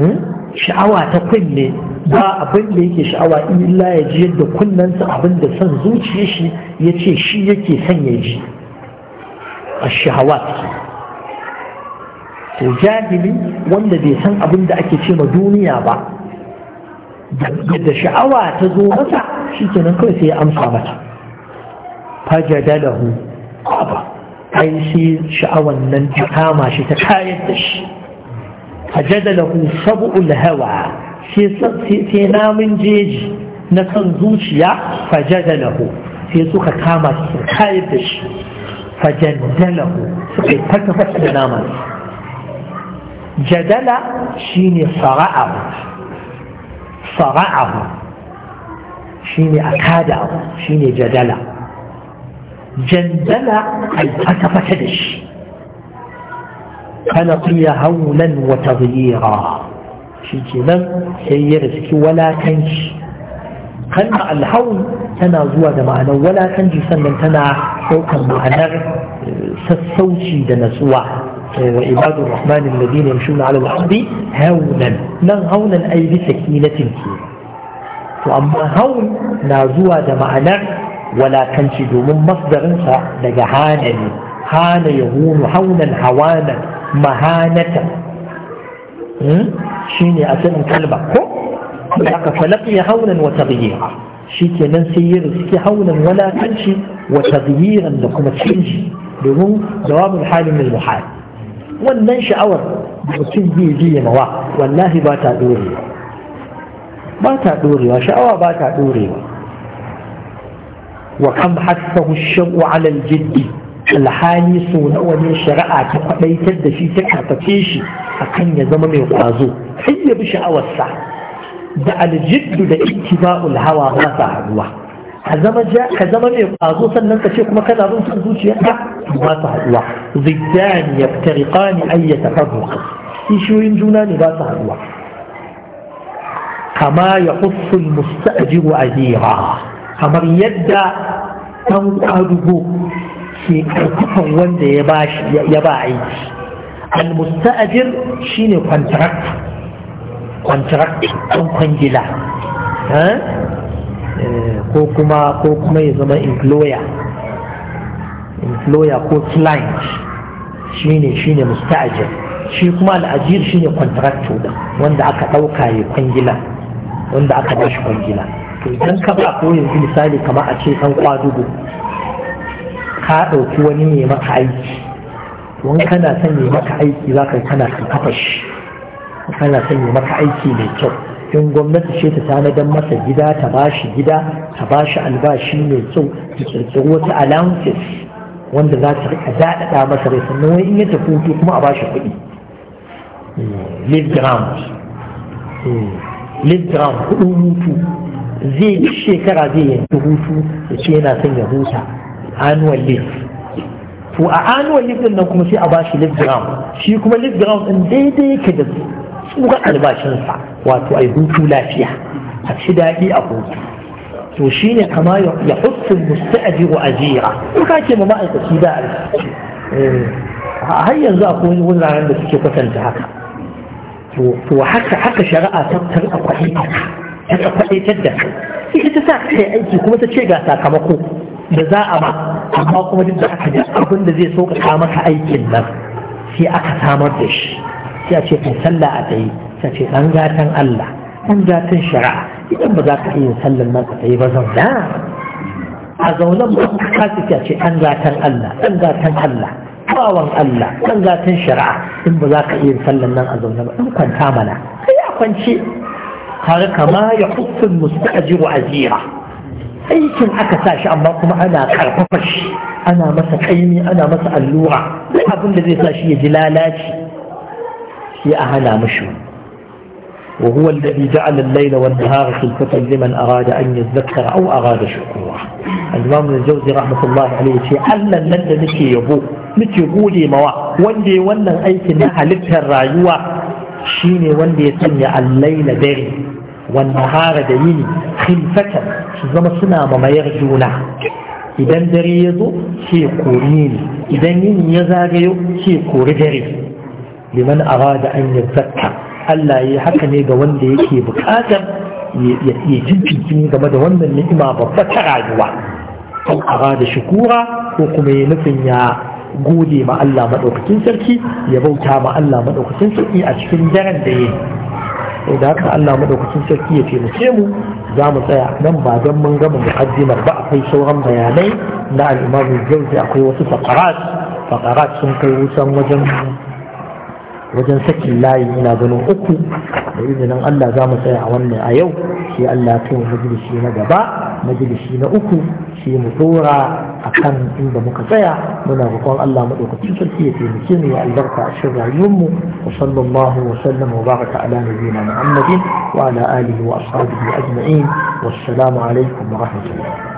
Speaker 1: hmm? sha'awa ta kunne ba abin da yake sha'awa illa ya ji yadda kunnensa abin da son zuciya shi ya ce shi yake son ya ji a shahawat to jahili wanda bai san abin da ake ce ma duniya ba da sha'awa ta zo masa shi kenan kawai sai ya amsa mata fajada da hu ba ai sai sha'awan nan ta kama shi ta kayar da shi فجد له سبع الهوى في نام جيج نكن زوشيا فجد له في سوخ كامت سرخايتش فجد له سوخ تكفت نامت جدل شيني صرعه صرعه شيني أكاده شيني جدل جندل أي تكفت فلقي haunan وتغييرا shi ke nan sai ya riski walakanci Kan alhaun tana zuwa da ma'anar walakanci sannan tana ɗaukar ma'anar sassauci da natsuwa wa ibadu rahman alladhina yamshuna ala al-ardi hawlan nan hawlan ay bi sakinatin ke to amma hawn na zuwa da ma'anar walakanci domin masdarinsa daga hana ne hana yahunu haunan hawanan mahanata shi ne a cikin kalba ko da aka falaƙi haunan wata biyira shi ke nan sai yi riski haunan walakanci wata biyiran da kuma canji domin jawabin halin mai muhal wannan sha'awar mutum zai ji ya mawa wallahi ba ta ɗorewa ba ta dorewa sha'awa ba ta dorewa wa kam hassahu shabu alal jiddi alhali so nawa ne shari'a ta kwadaitar da shi ta karfafe shi akan ya zama mai kwazo sai ya bi sha'awarsa da aljiddu da ittiba'ul hawa ba sa haduwa ka zama ka zama mai kwazo sannan ka ce kuma kana bin son zuciyarka ba sa haduwa ziddan yaftariqani ay yatafarraqa kishiyoyin juna ne ba sa haduwa kama yahussu almustajiru ajira kamar yadda dan kwadugo ke karfafan wanda ya ba aiki al-musta'jir shine contract contract ɗan kwangila eh? Eh, ko kuma ko kuma ya zama employer employer ko client shine shine musta'jir shi kuma al'ajir shine contractor din wanda aka ɗauka ya kwangila wanda aka bashi kwangila to idan ka ba ko yanzu misali kamar a ce ɗan kwadugo ka ɗauki wani ne maka aiki wani kana son ne maka aiki za ka kana kan kafa shi kana son ne maka aiki mai kyau in gwamnati ce ta tanadar masa gida ta ba shi gida ta ba shi albashi mai kyau ta kirkiri wata allowances wanda za ta rika daɗaɗa masa rai sannan wani in ya tafi hutu kuma a ba shi kuɗi
Speaker 2: hmm, live hmm,
Speaker 1: ground kuɗin hutu zai shekara zai yanki hutu da ce yana son ya huta annual leave to a annual leave din nan kuma sai a bashi leave ground shi kuma leave ground din daidai yake da tsoron albashinsa wato ai hutu lafiya a ci daɗi a hutu to shi ne kama ya hutun musta'ajiru ajira ko ka ce ma ma'aikaci da har yanzu akwai wuraren da suke kwatanta haka to haka haka shari'a ta tarka kwaɗe ta kwaɗe ta da ita ta sa kai aiki kuma ta ce ga sakamako da za a ba amma kuma duk da aka ji abin da zai sauƙaƙa maka aikin nan sai aka samar da shi sai a ce kai sallah a tsaye sai ce ɗan gatan Allah ɗan gatan shari'a idan ba za ka iya sallar nan ka tsaye ba zan da? a zaunan ba ka kasu sai a ce ɗan gatan Allah ɗan gatan Allah bawan Allah ɗan gatan shari'a in ba za ka iya sallar nan a zaune ba ɗan kwanta mana kai a kwance kare kama ya hukun musta ajiru azira aikin aka sa shi amma kuma ana karfafa shi ana masa kaimi ana masa allura duk abin zai sa shi ya ji lalaci shi a hana mushi wa huwa alladhi ja'ala al-layla wan nahara khilfatan liman arada an yadhakkara aw arada shukura al-imam al-jawzi rahmatullah alayhi ce Allah nan da nake yabo muke gode mawa wanda yayi wannan aikin na halittar rayuwa shine wanda ya sanya al-layla dare wan nahara da yini khilfatan su zama suna mayar juna idan dare ya zo ce kori ne idan yin ya zagayo ce kori dare liman da an zakka Allah ya haka ne ga wanda yake bukatar ya jinkinkini game da wannan ni'ima babba ta rayuwa ko da shukura ko kuma ya nufin ya gode ma Allah maɗaukacin sarki ya bauta ma Allah maɗaukacin sarki a cikin daren da ya yi da haka Allah maɗaukacin sarki ya taimake mu za mu tsaya nan ba don mun gama mukaddimar ba akwai sauran bayanai na al-imam jauzi akwai wasu faqarat fakarat sun kai wutan wajen wajen sakin layi ina ganin uku da izinin Allah za mu tsaya a wannan a yau sai Allah ya kai majalisi na gaba majalisi na uku sai mu tsora a kan inda muka tsaya muna roƙon Allah maɗaukacin sarki ya taimake mu ya albarka a cikin rayuwarmu wa sallallahu wa sallam wa baraka ala nabiyyina Muhammadin wa ala alihi wa ashabihi ajma'in wassalamu alaikum wa rahmatullahi